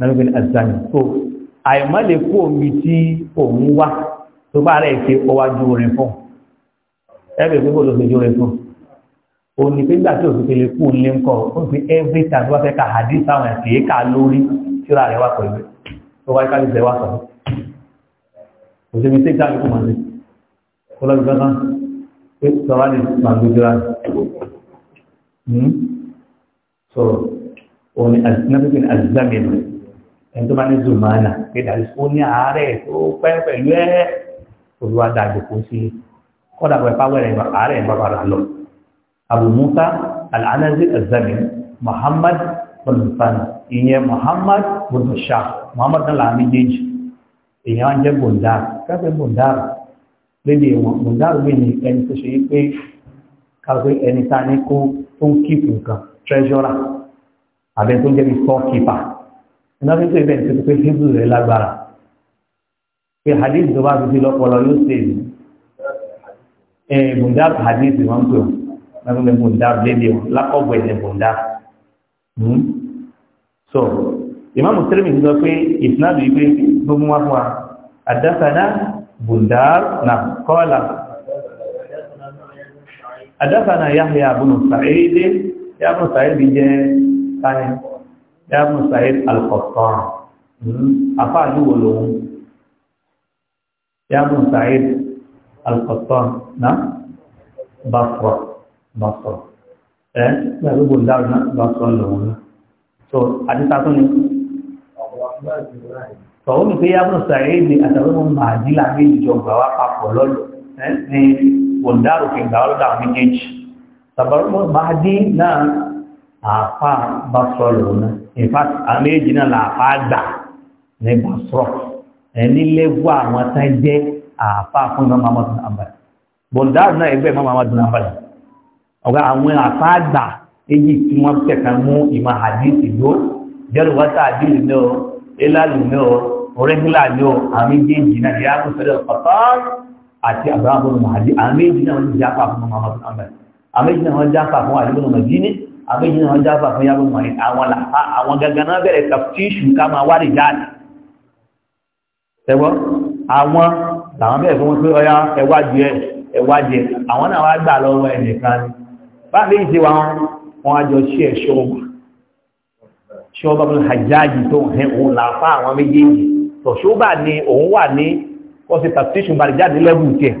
nàlùbẹ̀ àzàmì so àìmọ́ lè kó omi tí òun wá tó bá rẹ̀ ṣe ọwájú orin fún ẹgbẹ̀ pé kó ló ṣojú orin fún òní pé nígbà tí òṣìṣẹ́ lè kú ní ńkọ ó fi every time tó bá fẹ́ ka hadith àwọn ẹ̀kẹ́ ká lórí tíra rẹ̀ wá pẹ̀lú tó wáyé ká lè fẹ́ wá sọ̀rọ̀ òṣèlú tí ìjà yóò máa ní kọlọ́bí kankan pé sọ̀rọ̀ hmm? ní màgbéjìlá sọ̀rọ̀ òní nàbíkì àzàmì rẹ̀ ẹni tó bá ní zùmánà pé dàbí ó ní àárẹ̀ tó pẹ́ pẹ̀lú ẹ̀ olúwa dàgbò kó sí kọ́dà pẹ̀pá wẹ̀rẹ̀ àárẹ̀ bàbàrà lọ Abu Musa al-Anazi al zamin Muhammad bin Sana ìyẹn Muhammad bin Shah Muhammad al làá méjèèjì èèyàn á jẹ́ bondar káfíń bondar lédè wọn bondar mi ni ẹni tó ṣe pé káfíń ẹni tá a ní kó tó treasurer àbẹ tó ń jẹ́ iná fi pé bẹ́ẹ̀ ti pé hebrew rẹ̀ lágbára pé hadith tó bá fi fi lọ́pọ̀lọ́ yóò ṣe èyí bùndáp hadith wọn pè wọn lábẹ́ mi bùndáp lédè wọn lákọ̀gbọ̀ ẹ̀ bùndáp. Hmm? so ìmáàmù tẹ́lẹ̀mì ti sọ pé ìsinádù yìí pé gbogbo wa fún wa àdásánà bùndáp na kọ́lá àdásánà yahya abunu sa'id yahya abunu sa'id jẹ́ sáyẹn dáàmù Said Al-Qattan àfáàlú hmm? wo lòun dáàmù Said Al-Qattan náà Basra Basra ẹ gbàgbọ́ dáàmù náà Basra lòun náà so àdìsá tó ní tọ̀wọ́n pé yàmù Said ni àtàwọn ọmọ màdìlá méjì jọ gbà wá papọ̀ lọ́lọ́ ní wọ̀ndàrú kí gbà wá lọ́dọ̀ àwọn méjèèjì tàbí ọmọ màdì náà àfa Basra lòun náà in fact àwọn méjì náà làáfà gbà ní basrọ ẹni lẹ́gbọ́ àwọn tán jẹ́ àáfà fún ìmọ̀ mamadu nàbàlì bọ̀dáàrù náà ẹgbẹ́ ìmọ̀ mamadu nàbàlì ọ̀gá àwọn àáfà gbà èyí tí wọ́n tẹ̀ka mú ìmọ̀ àdìsí yó jẹ́rù wáta àdìsí náà elálù náà rẹ́gúlà náà àwọn méjì náà yà kó sẹ́lẹ̀ ọ̀tọ́ àti àbúrò àbúrò màdì àwọn méjì náà wọ́n àbẹ́jì náà jáfà fún yàgbọ́n mọ̀rin àwọn làpá àwọn gangan náà bẹ̀rẹ̀ kàfíṣù ká máa wá lè jáde ẹgbọ́n àwọn làwọn bẹ̀rẹ̀ fún wọn pé ọya ẹwájú ẹ ẹwájú ẹ àwọn náà wá gbà lọ́wọ́ ẹnìkan ni báyìí ti wá wọn á jọ ṣí ẹ ṣọ́ọ̀bù ṣọ́ọ̀bù abúlé hajjáàjì tó ń hẹn òun làpá àwọn méjèèjì tọ̀ṣọ́bà ni òun wà ní kọ́sí kàfíṣù bàrẹ̀ jáde lẹ́bù tiẹ̀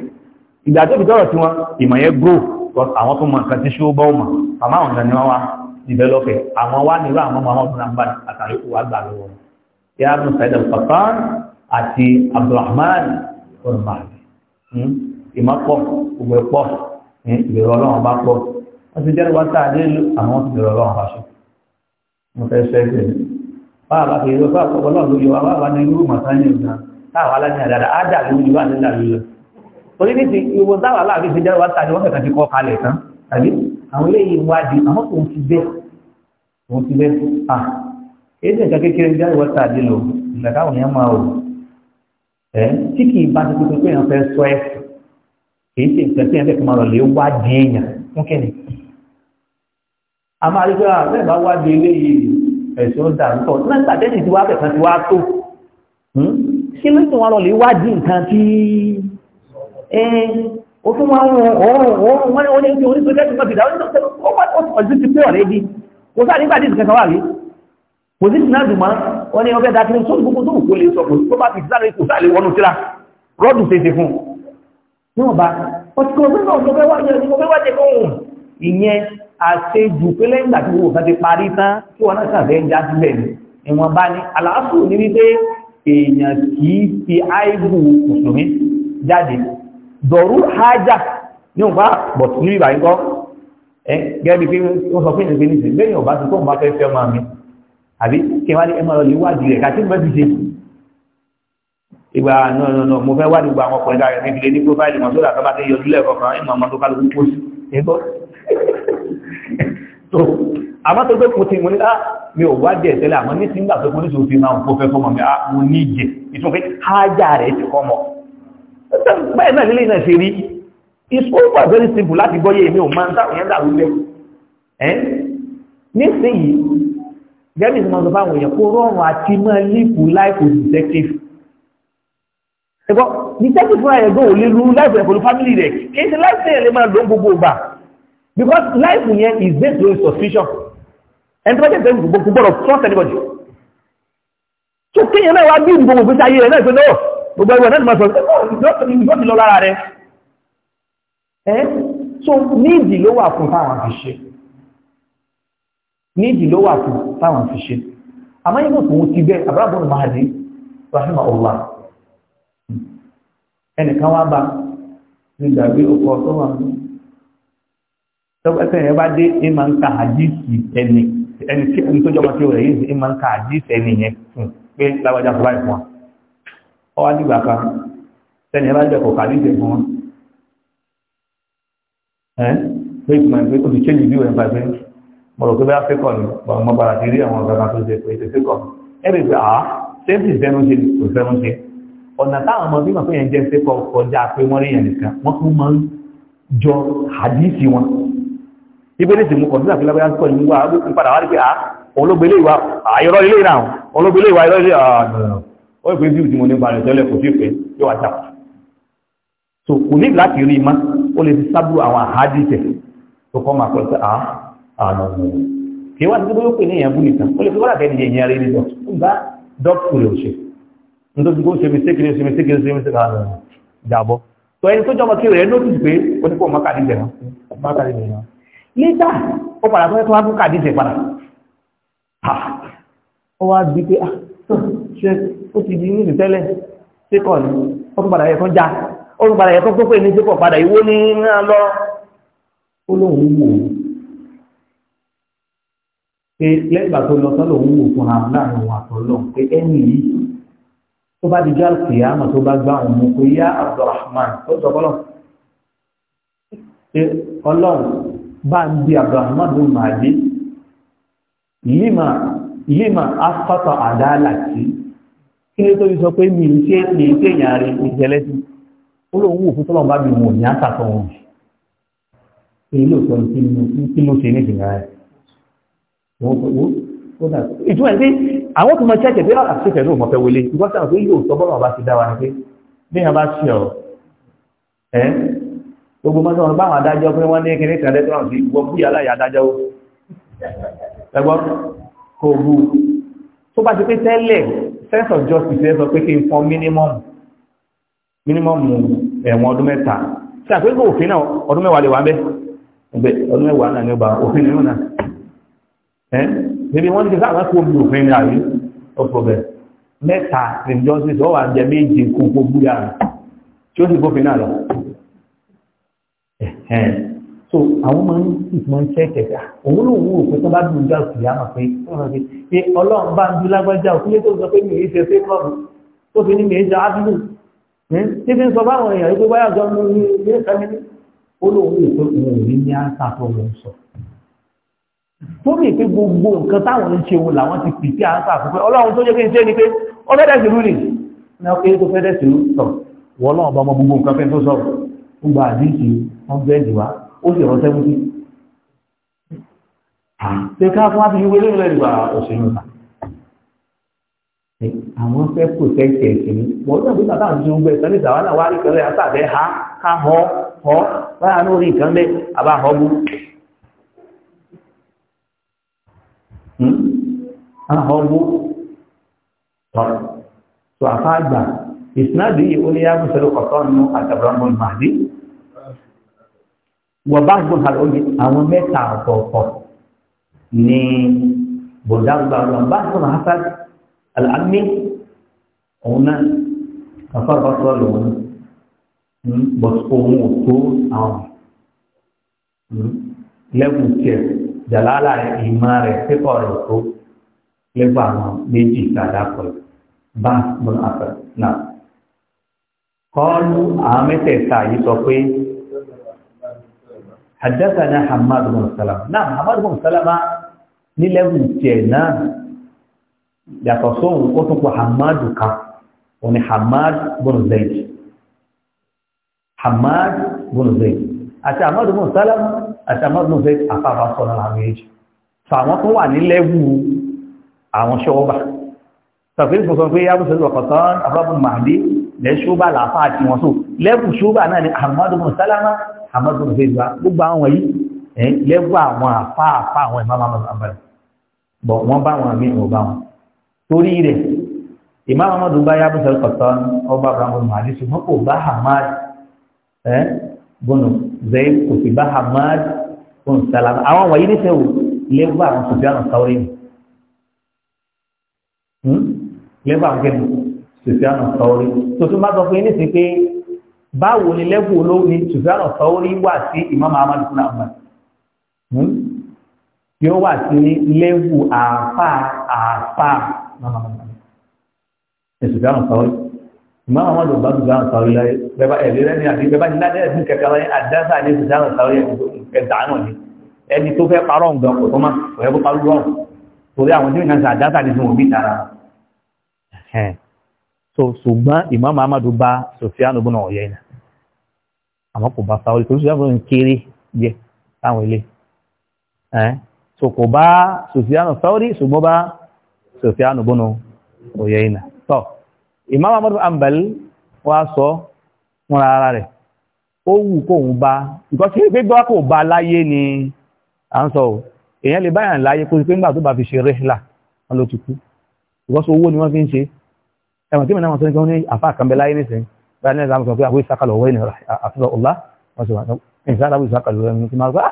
ìgbà tó fi tọ́rọ̀ tiwọn ìmọ̀ yẹn gbòó àwọn tó mọ̀ nǹkan tí ṣó bọ́ mọ̀ àmọ́ àwọn ìrìn wá dìbẹ́lọ́pẹ̀ àwọn wá nílò àwọn ọmọ ọmọ ọmọ àtàrí kò wá gbà lọ́wọ́ ya bin Said al-Qattan àti Abdulrahman olùmọ̀lẹ́ ìmọ̀pọ̀ ògbè pọ̀ hmm? ìbẹ̀rù ọlọ́run bá pọ̀ wọ́n ti jẹ́rìí wọ́n sáà nílò àwọn ti bẹ̀rù ọlọ́run bá ṣe mo fẹ́ ṣe é báwa bá fi ìlú torí ní ti ìwò dáwà láàrin fi jẹ́rọ wátà ní wọ́n kẹ̀kẹ́ ti kọ́ kalẹ̀ tán tàbí àwọn ilé yìí wádìí àwọn tó ń ti bẹ́ òun ti bẹ́ à èdè nǹkan kékeré jẹ́rọ wátà dé lò ìgbà táwọn èèyàn máa wò ẹ́ tí kì í bá ti tuntun pé èèyàn fẹ́ sọ ẹ́ kì í ṣe nǹkan tí èèyàn fẹ́ fi máa lọ lè wádìí èèyàn fún kẹ́ni. a máa rí pé àwọn bẹ́ẹ̀ bá wádìí ilé yìí ẹ̀sìn ó dà ó tún máa ń rún òórùn wọ́n ní oúnjẹ oníṣẹ́ oníṣẹ́ ìgbà bìdá ọdún ti pé ọ̀rẹ́ di kò sáà nígbà dídì kankan wà rí kò sí ìsìnà dùn mọ́ wọ́n ní ọgbẹ́ dákìrín tó gbogbo tó kò lè sọ kò tó bá fi sáré kò sáà lè wọnú síra rọ́ọ̀dù tètè fún níwọ̀n bá ọtíkọ̀ ọgbẹ́ náà ọgbẹ́ wájẹ ọgbẹ́ wájẹ kó hùn ìyẹn àṣejù pé lẹ́yìn ìgbà tí gbogbo kan ti parí tán tí wọn náà sàbẹ̀ ń já sílẹ̀ ni ìwọ̀n bá ní àlàáfù ní wípé èèyàn kì í fi áìbù mùsùlùmí jáde dọ̀rú hájà ní òun bá bọ̀ sí ìbà yín kọ́ gẹ́gẹ́ bí wọ́n sọ fún ìrìnbí nìsín lẹ́yìn ọ̀bá tó bá fẹ́ fẹ́ ọmọ mi àbí kí wọ́n ní ẹ máa lọ lè wádìí rẹ̀ kàtí bẹ́ẹ̀ ti ṣe ìgbà náà náà náà mo fẹ́ wádìí gba àwọn ọkùnrin dára níbi lé ní prófáìlì mọ̀ sódà tọ́ba tẹ́ yọjú lẹ́ẹ̀kọ̀ọ̀kan ìmọ̀ ọmọ tó kálukú kó sí ẹgbọ́ tó àmọ́ tó gbé kùtì mo ní á ah, mi ò wádìí ẹ̀tẹ́lẹ̀ àmọ́ ah, ní sí ń gbà mọ́ bẹ́ẹ̀ náà nílé náà ṣe rí it's over very simple láti gbọ́yé èmi ò máa ń táwọn yẹn dàrú lẹ́wọ̀ ẹ́ nísìnyí gẹ́gẹ́ bí sọmọdé fáwọn èèyàn kó rọrùn àti máa lífù láìpù detective ẹ̀kọ́ detective fúnra ẹ̀gbọ́n ò lè lu láìpù ẹ̀kọ́ lu family rẹ̀ kì í ṣe láìpù yẹn lè máa lò ó gbogbo ìgbà because láìpù yẹn is based on suspicion ẹni tó bá jẹ́ pé gbogbo gbọ́dọ̀ trust anybody so kéèyàn náà wá bí ìdìbò gbogbo sí gbogbo ẹgbẹ́ náà máa sọ yóò ti lọ lára rẹ̀ ẹ́ so nídìí ló wà fún táwọn fi ṣe nídìí ló wà fún táwọn fi ṣe àmọ́ yìí kò ti bẹ́ àbúrábọ̀ mahadi rahima ọlá ẹnìkan wá bá ní ìgbàgbé ọkọ̀ tó wà ní tọ́pẹ́sẹ̀ yẹn bá dé ẹ máa ń ka àdìsí ẹni ẹni tó jọmọ́ tí ó rẹ̀ yìí ẹ ń ka àdìsí ẹni yẹn fún pé lágbájá fún báyìí ọwá dìgbà kan tẹ́ni ẹbá jẹ́ kọ̀ọ̀kà ní ìdẹ̀gbọ́n wọn ẹ́ pé ìpínlẹ̀ pé o ti ṣe ìlú ẹ̀ pàṣẹ mọ̀rọ̀ pé bá fẹ́kọ̀ ni bọ̀rọ̀ mọ́ bára ti rí àwọn ọ̀gá tó ṣe pé ètò fẹ́kọ̀ ẹ lè gbà á sẹ́ńtì ìfẹ́nu ṣe kò fẹ́nu ṣe ọ̀nà táwọn ọmọ bímọ pé yẹn jẹ́ fẹ́kọ̀ kọjá pé wọ́n rí yẹn nìkan wọ́n tún máa ń jọ àdísì wọn ibẹ̀ ní ti mú kọ̀ọ̀dún àti lábẹ́yà sọ̀rọ̀ ìmúwà padà wá rí pé à òun ìwà àìrọ́ ó ìpé view tí mo ní balẹ̀ tẹ́lẹ̀ kò sí pé yóò wá tàpá so kò ní láti rí ma ó lè fi sábú àwọn àhádì tẹ̀ tó kọ́ máa pẹ̀lú à ah, àná kí wá sí bóyá ó pè ní ìyẹn bú nìkan ó lè fi wọ́n àbẹ́ nìyẹn ìyẹn rí nìkan ó bá dọ́kítù rẹ̀ òṣè nítorí kó ṣe mistake rẹ̀ ṣe mistake rẹ̀ ṣe mistake rẹ̀ dàbọ̀ tó ẹni tó jọmọ kí rẹ̀ lójú pé ó ní kó má kàdí jẹ̀ má kàdí jẹ̀ nígbà ó padà tó wá tún wá ó ti di nílùú tẹ́lẹ̀ síkọ̀ ni ó tún padà yẹ kán já ó tún padà yẹ kán tó pè ní síkọ̀ padà ìwó ní náà lọ ó lóun wò ó pé lẹ́gbàá tó lọ sọ́lọ̀ òun wò fún ara láàrin òun àtọ́lọ́ pé ẹni yìí tó bá di já sí àmọ́ tó bá gbá òun mú pé yá Abdulrahman ó sọ fọlọ́ pé ọlọ́run bá ń bi Abdulrahman ló máa dé lima lima afọ́tọ̀ àdáàlà sí i kí ni tó fi sọ pé mi ì ṣe mi ì ṣe èèyàn rẹ ìṣẹ̀lẹ̀ sí ó lóun wò fún tọ́lọ̀ bá mi wò ní àtàtọ̀ wọn èyí ló sọ kí ló ṣe ní ìṣẹ̀lẹ̀ rẹ ìtumọ̀ ní pé àwọn tó máa ṣẹ́kẹ̀ pé àṣẹ́kẹ̀ ló mọ̀ fẹ́ wọlé ìgbọ́n sáà pé yóò sọ bọ́lọ̀ bá ti dá wa ní pé bí wọ́n bá ṣe ọ̀ ẹ́ gbogbo mọ́tò wọn báwọn adájọ́ pé wọ́n ní kíní kan lẹ́tọ́rọ̀ sí tó bá ti pé tẹ́lẹ̀ sense of justice ẹ sọ pé kí n fọ minimum minimum ẹ̀wọ̀n ọdún mẹ́ta tí a pé kó òfin náà ọdún mẹ́wàá lè wà bẹ́ ẹgbẹ́ ọdún mẹ́wàá náà ní ọba òfin nínú náà ẹ́ bíbí wọ́n ti sáà kó omi òfin ní àrí ọ̀pọ̀ bẹ̀ mẹ́ta ní justice ọwà jẹ méje kó gbogbo yàrá tí ó sì gbófin náà lọ so àwọn máa ń ìmọ̀ iṣẹ́ kẹta òun ló wù òpin tó bá dùn jà òkè yá máa pé pé ọlọ́run bá ń dún lágbájá òkúlé tó sọ pé mi ì ṣe fẹ́ kọ́ọ̀bù tó fi ní mi ì ṣe ábílù tí fi ń sọ báwọn èèyàn wípé báyà jọ ní ilé ìfẹ́mi ní ó lóun wù pé òun ò ní ní áńsà tó mò ń sọ tó mì pé gbogbo nǹkan táwọn ń ṣe wo làwọn ti pì sí áńsà fún pé ọlọ́run tó ó sì rán sẹ́wọ́n sí. ṣé ká fún wa fi wọlé lórí ìgbà òṣèlú ta. àwọn fẹ́ protect ẹ̀sìn ni wọ́n náà bí bàbá àti ṣe ń gbẹ ìtàn níta náà wà á rí ha ká họ họ báyà náà rí nǹkan lẹ́ àbá họ bú. Hmm? ahọ́ bú tọ́ tó àfáàgbà ìsìnàdì yìí ó ní yàgùn sẹ́lẹ̀ kọ̀tọ́ nínú àtàbọ̀rọ̀ mọ́ wọ́n bá gbọ́n kalẹ̀ ó di àwọn mẹ́ta ọ̀tọ̀ọ̀tọ̀ ní bọ̀dàgbà wọn bá gbọ́n hasan alami òun náà afárá sọ lòun hmm, bọ̀t òun ò tó àwọn hmm, lẹ́gùn tiẹ̀ jàlálà rẹ̀ ìmọ̀ rẹ̀ pépọ̀ rẹ̀ tó lẹ́gùn àwọn méjì kàdá pẹ̀lú bá gbọ́n hasan náà kọ́ọ̀lù àwọn mẹ́tẹ̀ẹ̀ta yìí sọ pé. حدثنا حماد بن سلمة نعم حماد بن سلمة نلم تينا يتصون أتوك حماد كا وني حماد بن زيد حماد بن زيد أتى حماد بن سلمة أتى حماد بن زيد أفاق صنع العميج فأما طوى نلم àwọn ṣọ́ọ́bà tọ̀fí ìfòsàn pé yàbùsọ̀ ìwọ̀kọ̀tán afọ́bùn mahdi lẹ́ ṣọ́ọ́bà làfáà tí wọ́n so lẹ́bù ṣọ́ọ́bà náà ni ahmadu musalama amadu fèdùà gbogbo àwọn yìí ẹ̀ lẹ́gbọ́ àwọn àfa àfa àwọn ìmáàmù amadu abalẹ̀ bọ̀ wọ́n bá wọn àmì ìwọ̀n bá wọn torí rẹ̀ ìmáàmù amadu bá yá bùsọ̀ kọ̀tọ́ ọba abrahamu mahadi ṣùgbọ́n kò bá hamad ẹ̀ bọ́nù zayn kò sì bá hamad bọ́nù salama àwọn wọ̀nyí nífẹ̀ẹ́ wò lẹ́gbọ́ àwọn sùfìànù sáwọ́rì ni hmm? lẹ́gbọ́ àwọn kẹ́ni báwo ni lẹ́bù olóhùn ni sùfẹ́ràn sọ́wọ́rí wà sí Imam Ahmad fún àmà hmm? yóò wà sí lẹ́bù àáfà àáfà ní sùfẹ́ràn sọ́wọ́rí Imam Ahmad ló bá sùfẹ́ràn sọ́wọ́rí láyé bẹ́bá ẹ̀lẹ́ rẹ̀ ní àbí bẹ́bá ní ládẹ́ ẹ̀sìn kẹkẹ láyé àdáṣà ní sùfẹ́ràn sọ́wọ́rí ẹ̀dá náà ni ẹni tó fẹ́ parọ́ ǹgan kò tó má kò yẹ kó parọ́ rọ̀ torí àwọn tí nǹkan sàdáṣà ní sùn so ṣùgbọ́n Imam Ahmad bá Sufyan ibn Uyayna àmọ́ kò bá sáwọ́lì torí sùfìyàn ń kéré díẹ̀ táwọn ilé ẹ́ so kò bá sùfìyàn sáwọ́lì ṣùgbọ́n bá sùfìyàn bọ́nà òye ìnà tọ́ Imam Ahmad Ambal wá sọ fúnra ara rẹ̀ ó wù kóun bá ìkọ́ sí pé gbọ́ kò bá láyé ni à ń sọ ò èèyàn lè báyàn láyé kó pé ńgbà tó bá fi ṣe rẹ́hìlà wọn ló ti kú ìkọ́sọ owó ni wọ́n fi ń ṣe ẹ̀wọ̀n tí mi náà wọ́n sọ ní kí wọ́n ní àfáà kan láyé nísìnyí báyìí náà sọ pé àwọn ìsákàlọ̀ ọwọ́ ènìyàn àfihàn ọ̀la wọ́n sì wà ní ìsára àwọn ìsákàlọ̀ ọwọ́ ènìyàn ti máa gbá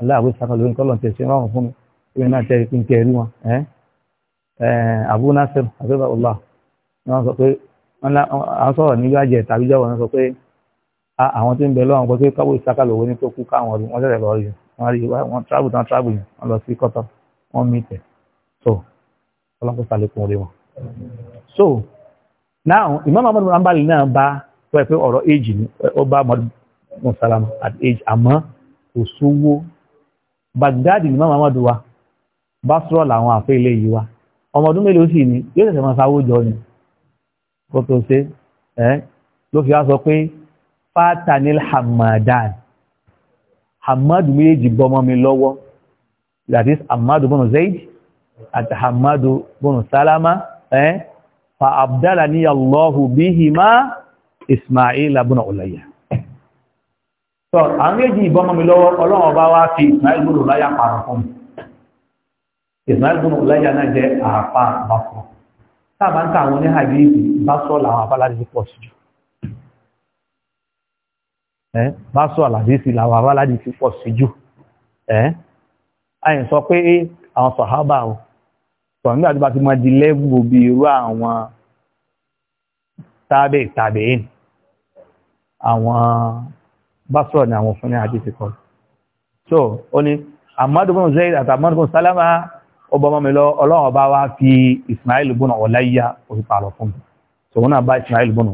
aláà àwọn ìsákàlọ̀ ènìyàn kọ́lọ̀ tẹ̀sí ọ̀rọ̀ fún mi ìwé náà tẹ̀ kí n kẹ́ rí wọn ẹ́ Abu Nasir àfihàn ọ̀la wọ́n sọ pé àwọn sọ̀rọ̀ níbi àjẹ́ tàbí jọ́wọ́ wọn sọ pé àwọn tí ń bẹ lọ́wọ́ pé káwọ́ ìsákàlọ̀ owó ní tó kú káwọn rí wọ́n tẹ̀lé lọ rí wọ́n rí wọ́n travel tán travel yẹn wọ́n lọ sí kọ́tọ́ wọ́n mí so ọlọ́kùnrin sàlékún orí wọn. so now imam ahmad ambali náà bá wọ́n pé ọ̀rọ̀ age ni ó bá ahmad musalam at age àmọ́ kò sówó baghdad ni imam ahmad wa basra làwọn àfẹ́ ilé yìí wa ọmọ ọdún mélòó sì ni yóò ṣẹ̀ṣẹ̀ máa sáwó jọ ni kó tó ṣe ẹ́ ló fi wá sọ pé fatanil hamadan hamadu méjèèjì bọ́mọ mi lọ́wọ́ that is hamadu bọ́nù zaid àti hamadu bọ́nù salama ẹ́ eh? fa abdalani allahu bihima ismail abuna ulayya so àwọn méjì ìbọn mọ́ mi lọ́wọ́ ọlọ́run ọba wá fi ismail buna ulayya pààrọ̀ fún mi ismail buna ulayya náà jẹ́ àáfà bàfọ́ sáàbà ń ta àwọn oní hadithi bá sọ làwọn abáláàdìsí pọ̀ sí jù bá sọ àlàdìsí làwọn abáláàdìsí pọ̀ sí jù àyìn sọ pé àwọn sàhábà o sọ̀rọ̀ nígbà tó bá ti mọ di lẹ́gbù bí irú àwọn tábẹ̀ tàbẹ̀yìn àwọn básọ̀rọ̀ ni àwọn fúnni àti ìsìnkọ́ so ó ní Ahmadu bin Zayd àti Ahmadu bin Salama ọba ọmọ mi lọ ọlọ́run ọba wa fi Ismail bùnà ọ̀láyà òfin fún mi so wọn náà bá Ismail bùnà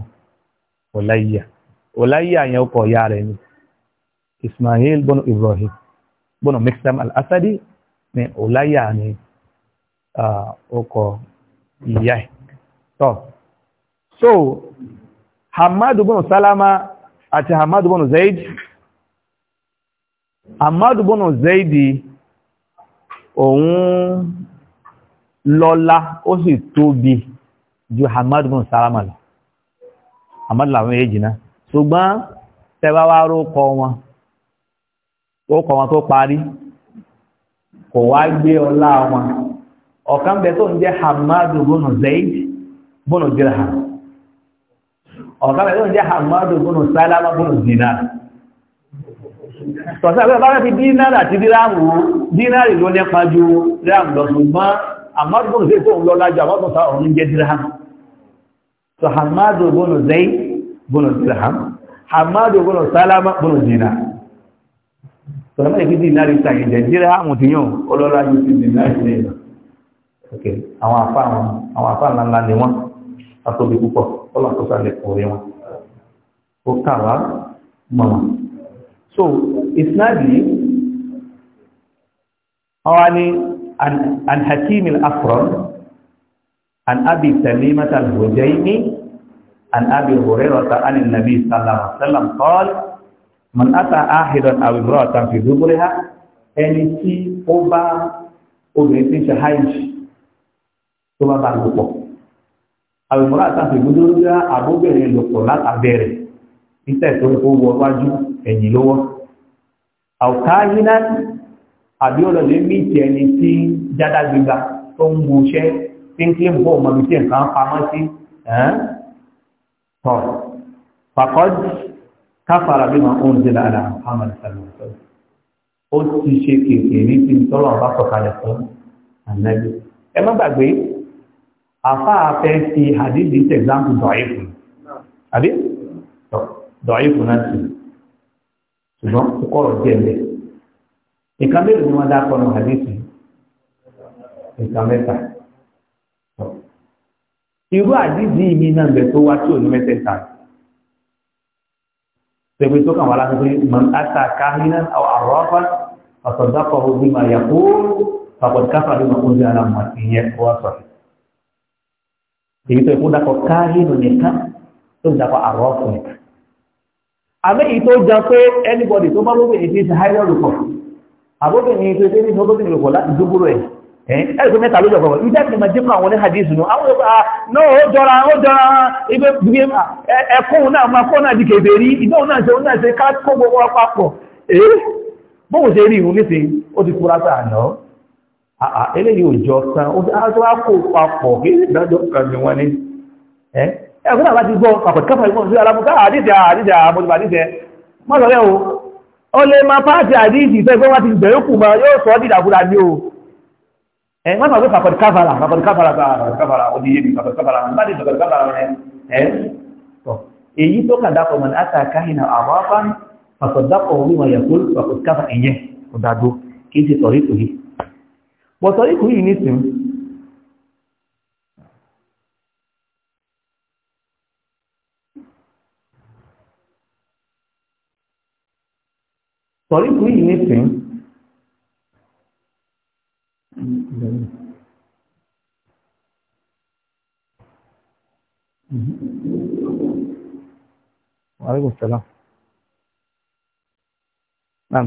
ọ̀láyà ọ̀láyà yẹn kọ̀ ya rẹ̀ ni Ismail bùnà Ibrahim bùnà Miksam al-Asadi ni ọ̀láyà ni ọkọ̀ ìyá ẹ̀ tọ́ so hamadu bọ́nù salama àti hamadu bọ́nù zaidi hamadu bọ́nù zaidi òun lọ́lá ó sì tóbi ju hamadu bọ́nù salama lọ hamadu làwọn èjì náà ṣùgbọ́n tẹ́wàá wá rókọ wọn ó kọ wọn tó parí kò wá gbé ọlá wọn ọ̀kan bẹ tó ń jẹ́ hamadu bónú zaid bónú dirham ọ̀kan bẹ tó ń jẹ́ hamadu bónú sálámà bónú dinar tọ̀sá pé bá fi dinar àti diramu dinari ló nípa ju dirham lọ ṣùgbọ́n hamadu bónú zaid tó ń lọ lájọ hamadu sá ọ̀run jẹ́ dirham so hamadu bónú zaid bónú dirham hamadu bónú sálámà bónú dinar tọ̀sá pé dinar ìtàgé jẹ́ diramu ti yàn ti dinar ìtàgé Okay, àwọn afa àwọn àwọn afa ńláńlá ni wọn atóbi púpọ̀ ọlọ́run tó sálẹ̀ kò rí wọn ó kà wá mọ̀ wọn. so ìsinádìí àwọn ni an hakim al-afron an abi salimata al-hujaini an abi hurairata an nabi sallallahu alaihi wasallam qala man ata ahidan aw imra'atan fi duburiha ẹni tí ó bá obìnrin tí ń ṣe hajj tó bá bá lò pọ̀ àwòrán àtàkùn ìgbódó ló dá àbóbìnrin lò pọ̀ látàbẹ̀rẹ̀ títẹ̀ tó kó wọ wájú ẹ̀yìn lọ́wọ́ àwòká yíná àbí ọlọ́lẹ̀ méjì ẹni tí jádá gbígba tó ń mú iṣẹ́ tí ń kílé bọ́ ọmọ bíi nǹkan pamọ́ sí tọ̀ pàkọ́jì káfàrà bí wọn ń dè Muhammad sallallahu alaihi wasallam ó ti ṣe kéèké ní ti tọ́lọ̀ bá sọ̀kalẹ̀ fún ànágbé ẹ má gbàgbé afáàfẹ́ fi hadithi tẹ̀ example dọ̀ífù àbí dọ̀ífù náà sí ṣùgbọ́n kọ́rọ̀ díẹ̀ lẹ̀ nǹkan mélòó ni wọ́n dákọ̀ nù hadithi nǹkan mẹ́ta irú àdídì mi náà bẹ̀ tó wá tí ò ní mẹ́tẹ̀ẹ̀ta pẹ̀lú tó kàn wá láti pé mọ̀n àtà káhínà àrọ́fà ọ̀sọ̀dọ́kọ̀ ogun àyàkó pàpọ̀ káfà ló mọ̀ oúnjẹ alámọ̀ ìyẹn wọ́n sọ̀rọ̀ èyí tó ìkún dákọ̀ káàrínù nìkan tó dákọ̀ àrọ́fù nìkan àmì èyí tó pé anybody tó bá lóbi èyí ti higher report àbóbi ní ètò ìṣẹ́ nínú olóbi report láti dúgbúrò ẹ̀ ẹ̀rì mẹ́ta lójọ kọ̀ọ̀kan ìjẹ́ ìgbìmọ̀ dínkù àwọn oníhadìsì nù àwọn náà Ah, ah, eléyìí òjò ọ̀sán tó wá kó papọ̀ kí ìdájọ́ kan ni wọ́n ní ẹ̀kùn náà láti gbọ́ papọ̀ káfà ìgbọ́n sí alábùká àdíjà àdíjà àmọ́lùmọ̀ àdíjà mọ́sọ̀rẹ́ o ó lè máa pàtí àdíjì ìfẹ́ ìgbọ́n wá ti bẹ̀rẹ̀ kù mọ́ yóò sọ dìdàkúra ní o èyí tó kàdá pọ̀ mọ̀lá àtàkáhìnà àwọn afán fàṣọ̀dápọ̀ wíwọ̀n yẹ̀kú fàkùskáfà ẹ̀yẹ ọ̀dàdó kìí ṣe tọ̀rí tòrí bọ̀tọ̀ ikú yìí nìsìn tọ̀ríkù yìí nìsìn Wa alaikum salam. Naam.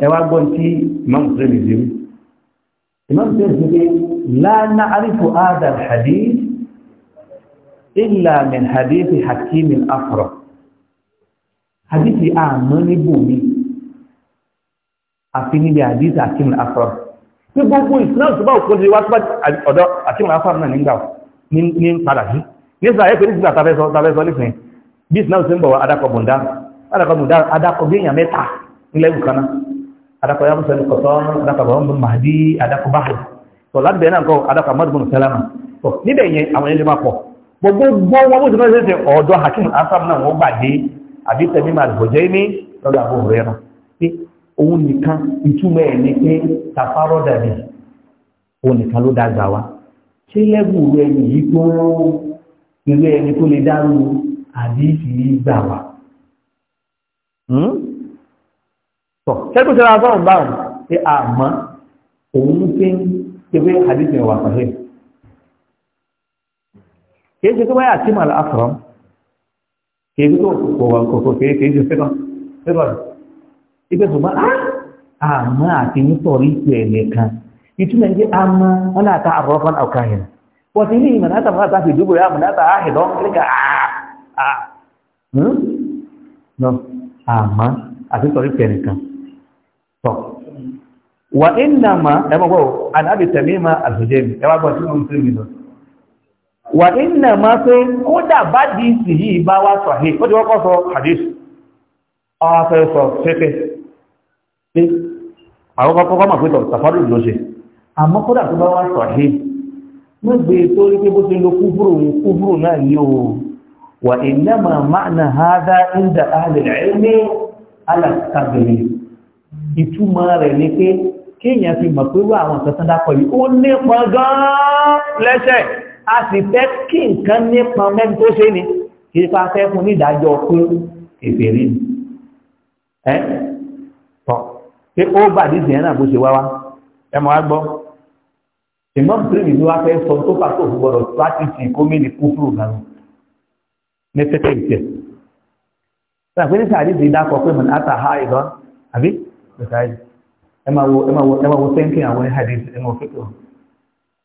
ẹ wá gbọ́n tí imam sẹ́mi ṣe mú imam sẹ́mi ṣe pé la na'rifu hadha al-hadith illa min hadith hakim afro hadith àmọ́ níbòmí àfi níbi hadith hakim afro pé gbogbo ìsìláàmù tó bá òkú ní wá tó bá ọ̀dọ̀ hakim afro náà nígbà ní padà sí ní sàáyé pé ní sígbà tàbẹ́sọ nífẹ̀ẹ́ bí ìsìláàmù tó ń bọ̀ wá adákọ̀ bùndá adákọ̀ bùndá adakọ̀ yàmù sẹ́lẹ̀ kọ̀tọ́n adakọ̀ bàbá bin mahdi adakọ̀ bahari tó lábẹ́ náà kọ́ adakọ̀ amadu bin salama tó níbẹ̀ yẹn àwọn ẹni máa pọ̀ gbogbo wọn bó ti fẹ́ sẹ́sẹ̀ ọ̀dọ̀ hakim asam náà wọ́n gbà dé àbí tẹ̀mí máa dọ̀jẹ́ ní lọ́dọ̀ itu rẹ̀ náà pé òun nìkan ìtumọ̀ ẹ̀ ní pé tàfárọ̀ dàbí òun nìkan ló dá gbà wá ṣé lẹ́bù ẹni yìí tó irú ẹni tó le dárú àbí ìfìrí gbà wá tọ̀ sẹ́kùn sẹ́ra sọ́run báwọn ṣe àmọ́ òun ṣe ń ṣewé àdìsí ọ̀wà sọ̀hẹ́ kì í ṣe tó wáyà tí màlá àfọ̀rọ̀ kì í ṣe tó kò wà kòkò kì í ṣe fẹ́ràn fẹ́ràn ibẹ̀ tó máa àmọ́ àti nítorí ìpè ẹ̀ nìkan ìtumọ̀ ní àmọ́ wọn náà ta àbọ̀ fún àwọn kan yẹn wọ́n ti ní ìmọ̀ náà tàbí àtàkì ìdúgbò yà àmọ́ àti sọ̀rọ̀ ìpè nìkan tọ̀ wà iná ma ẹmọ́gbọ́ anábì tẹ̀míma àṣòjẹ́mi ẹwàgbọ́ tí wọ́n ń tẹ́ mi lọ wà iná ma pé kódà bá dìísì yìí bá wá sọ̀hí ó ti wọ́kọ́ sọ hadith ọwọ́ fẹ́ sọ fẹ́fẹ́ pé àwọn kọ́kọ́ mọ̀ pé tọ̀ sàfọ́dù ló ṣe àmọ́ kódà tó bá wá sọ̀hí wọ́n gbé tó e rí pé bó lo kúfúrò kúfúrò náà ní o wà iná ma máa inda ahli ilmi alàkàbìnrin ìtumọ̀ rẹ̀ ni pé kéèyàn fi mọ̀ pé wà àwọn nǹkan tán dápọ̀ yìí ó nípa gan-an lẹ́sẹ̀ a sì fẹ́ kí nǹkan nípa mẹ́rin tó ṣe ni kí ipa fẹ́ fún ní ìdájọ́ pé èfè rí ni ẹ́ tọ́ pé ó bà dídì ẹ̀ náà bó ṣe wá wá ẹ mọ̀ á gbọ́ ìmọ̀ bíríìmì ni wá fẹ́ sọ tó fà tó gbọdọ̀ láti fi gómìnì kú fúrò gan-an ní tẹ́tẹ́ ìtẹ́ sàpé ní sàdídì dákọ̀ pé mọ̀ ní àtàhà ìlọ àbí bẹ̀sáyì ẹ máa wo sẹ́ńkì àwọn ẹ̀hàdì ẹ máa fẹ́ kàn.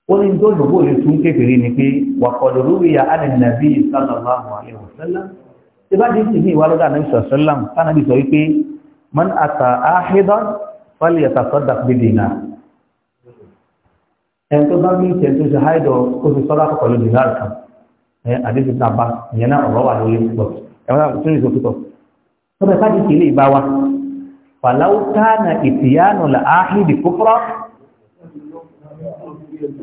ó ní tó lògbò lè tún ya alẹ́nàbí sallallahu alaihi wasallam tí bá dé sí ìwà lọ́dọ̀ àná ìṣọ̀sọ́lám tánàbí sọ wípé man ata ahidan fali yàtà sọ́dà bìdìnà ẹni tó bá mí ìṣẹ́ tó ṣe háìdọ̀ ó fi sọ́dà pẹ̀lú dìnnà kan àdéhùn náà bá ìyẹn náà ọ̀rọ̀ wà lórí fàláútánà ìtìyánù láàáhìdì kúfúrọ́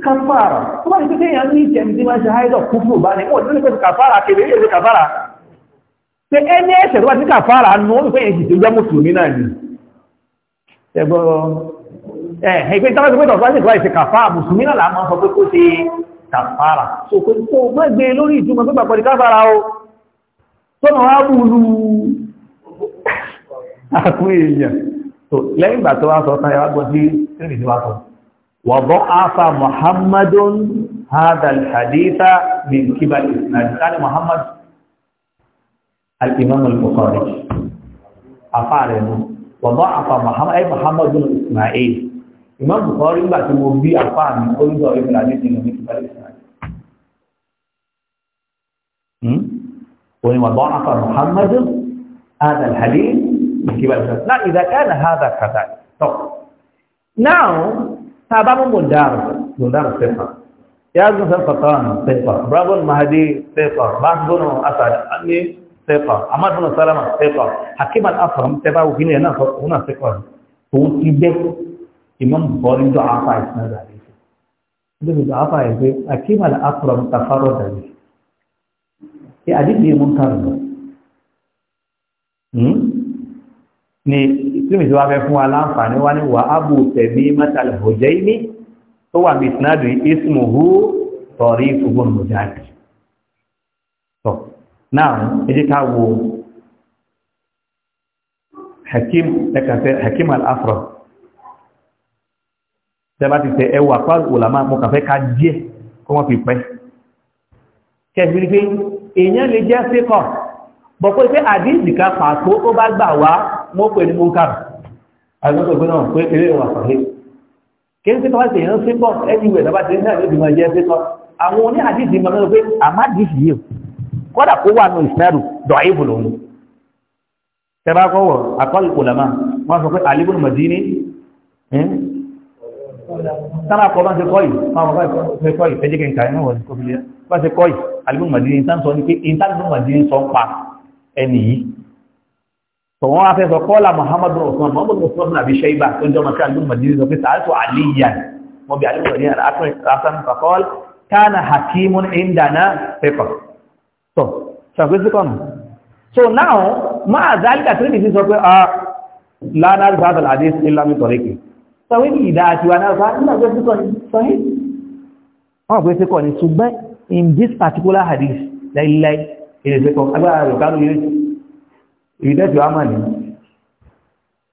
kàfàrà tó bá ní pé kéèyàn ní ìjẹ̀mí tí máa ṣe haidọ̀ kúfúrù bá ní wọ́n tí ó ní pé kàfàrà kèrè èdè kàfàrà pé ẹni ẹ̀ṣẹ̀ tó bá ti kàfàrà nù ó pé èjì tó jẹ́ mùsùlùmí náà ni ẹgbọ́ ẹ̀ ẹgbẹ́ tó bá ti pé tọ̀sán ṣe tó bá ṣe kàfàrà mùsùlùmí náà làá máa sọ pé kó ṣe kàfàrà so pé kó má gbé lórí ìtumọ̀ pé pàpọ̀ àwọn èèyàn tó lẹ́yìn ìgbà tó wá sọ tán yàrá gbọ́n sí tírìmì wá sọ wà bọ́ afa muhammadun hadal haditha min kíbal isnad sani muhammad al-imam al-bukhari afa rẹ̀ nù wà bọ́ afa muhammadun ismail imam bukhari gbà tí mo bí afa mi oríṣi ọ̀rẹ́ mi láti sinmi ní kíbal wa bọ́ afa محمد هذا الحديث Now, إذا كان هذا كذلك. So, now, تابعوا مدار مدار صفر يا ابن سلطان صفر برابو المهدي صفر باس بن اسد اني صفر احمد بن سلمة صفر حكيم الافرم صفر وهنا هنا هنا صفر هو تيجي امام بخاري جو عطا اسناد عليه ده عطا حكيم الافرم تفرد عليه يا ادي دي منكر امم ni ìsìlẹ̀mì tí wá fẹ́ fún wa láǹfààní wá ní wà ábù tẹ̀mí mẹ́tàlẹ̀ òjẹ́ ìní tó wà bí sinadu ismuhu tọ̀rí fúgbọ́n mọ̀jáde tọ̀ náà ẹjẹ́ ká wo hakim ẹkàfẹ́ hakim al-afro tẹ́bá ti tẹ ẹwà apá òlàmá mọ́ kàfẹ́ ká díẹ̀ kó wọ́n fi pẹ́ kẹfìrí bọ̀pọ̀ pé àdíjì ká pàtó ó bá gbà wá wọ́n pè ní munkar àgbẹ́gbẹ́ náà pé eré wà pàdé kí n sípa ṣe ìran sípọ̀ ẹniwẹ̀ lọ́bá ti ní àdíjì máa jẹ́ sípọ̀ àwọn oní àdíjì máa mẹ́rin pé àmádìjì yìí kọ́dà kó wà nù ìsinárù dọ̀ayé bò lòun tẹ́bá kọ́wọ̀ àkọ́lù ulama wọ́n sọ pé alibun madini sára kọ́ bá ṣe kọ́ yìí bá ṣe kọ́ yìí alibun madini sọ ń pa ẹni yìí tọ̀wọ́n wá fẹ́ sọ kọ́lá muhammadu osman muhammadu osman nàbí ṣẹ́ibà tó jọ mọ̀kí alúmọ̀ jírí sọ pé sàátù àlíyàn wọ́n bí alúmọ̀ ní àtúnṣe kọ́l tánà hakimun indana pẹ́kọ̀ tó ṣàkóso kọ́nù so now máa zálíkà tó ní sọ pé lánàá rí sáàtà àdé ìlàmì tọ̀rẹ́kì sọ wí ní ìdá àti wà náà sọ in this particular hadith láìláì ìrìnsẹ̀ kan agbára rẹ̀ kálù yóò ìrìnẹ́tì wa mà ní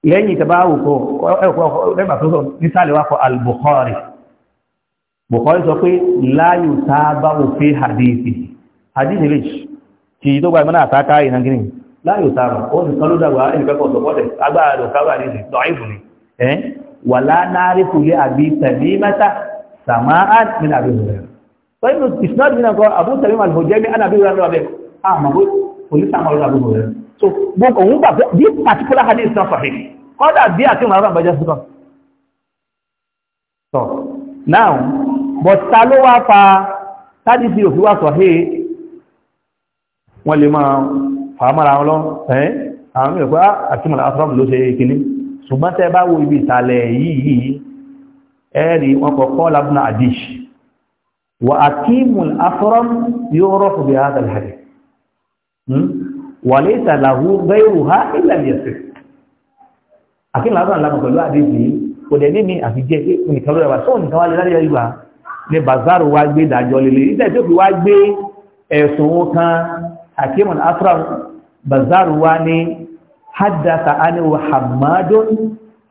lẹ́yìn ìtẹ̀bá àwòkọ lẹ́gbà tó sọ nísàlẹ̀ wa kọ al-Bukhari Bukhari sọ pé láyò tá a bá wò fi hadithi hadithi lè ṣì tó gba ìmọ̀nà àtàkà ìnagiri láyò tá a bá ó sì kọ́ló dàgbà ẹnìkẹ́kọ̀ọ́ sọ̀pọ̀tẹ̀ agbára rẹ̀ kálù hadithi dọ̀ìfù ni ẹ̀ wà lánàárí fúlé àbí tẹ̀lé àmọ́ pé polisi àwọn ọlọ́dà gbogbo rẹ̀ so gbogbo òun gbà pé this particular hadith is not sahih kọ́dà bí àti ìmọ̀ àbájá sí kan so now but ta ló wá fa tádì sí òfin wá sahih wọ́n lè máa fàámàrà wọn lọ ẹ́ àwọn ìrẹ̀kọ́ ah, àti ìmọ̀ àtúrọ̀mù ló ṣe kìíní ṣùgbọ́n tẹ́ bá wo ibi ìsàlẹ̀ yìí ẹ̀rì wọn kọ̀ kọ́ labna adish wa akimul afram yóò rọ́fù bí i hadal hadith wàlẹ́ ìsàlàhù bẹ́ẹ̀rù ha ìlànà ẹ̀sẹ̀ àkínlàbà ńlá pẹ̀lú àdébì kò dẹ̀ níbi àfijẹ́ nìkan lọ́rẹ̀ wá sóhun nìkan wá lè lárí ẹ̀rí wa ní bazaru wá gbé ìdájọ́ lélẹ̀ ìdá tí fi wá gbé ẹ̀sùn kan hakimun afra bazaru wá ní haddasa aniwo hamadun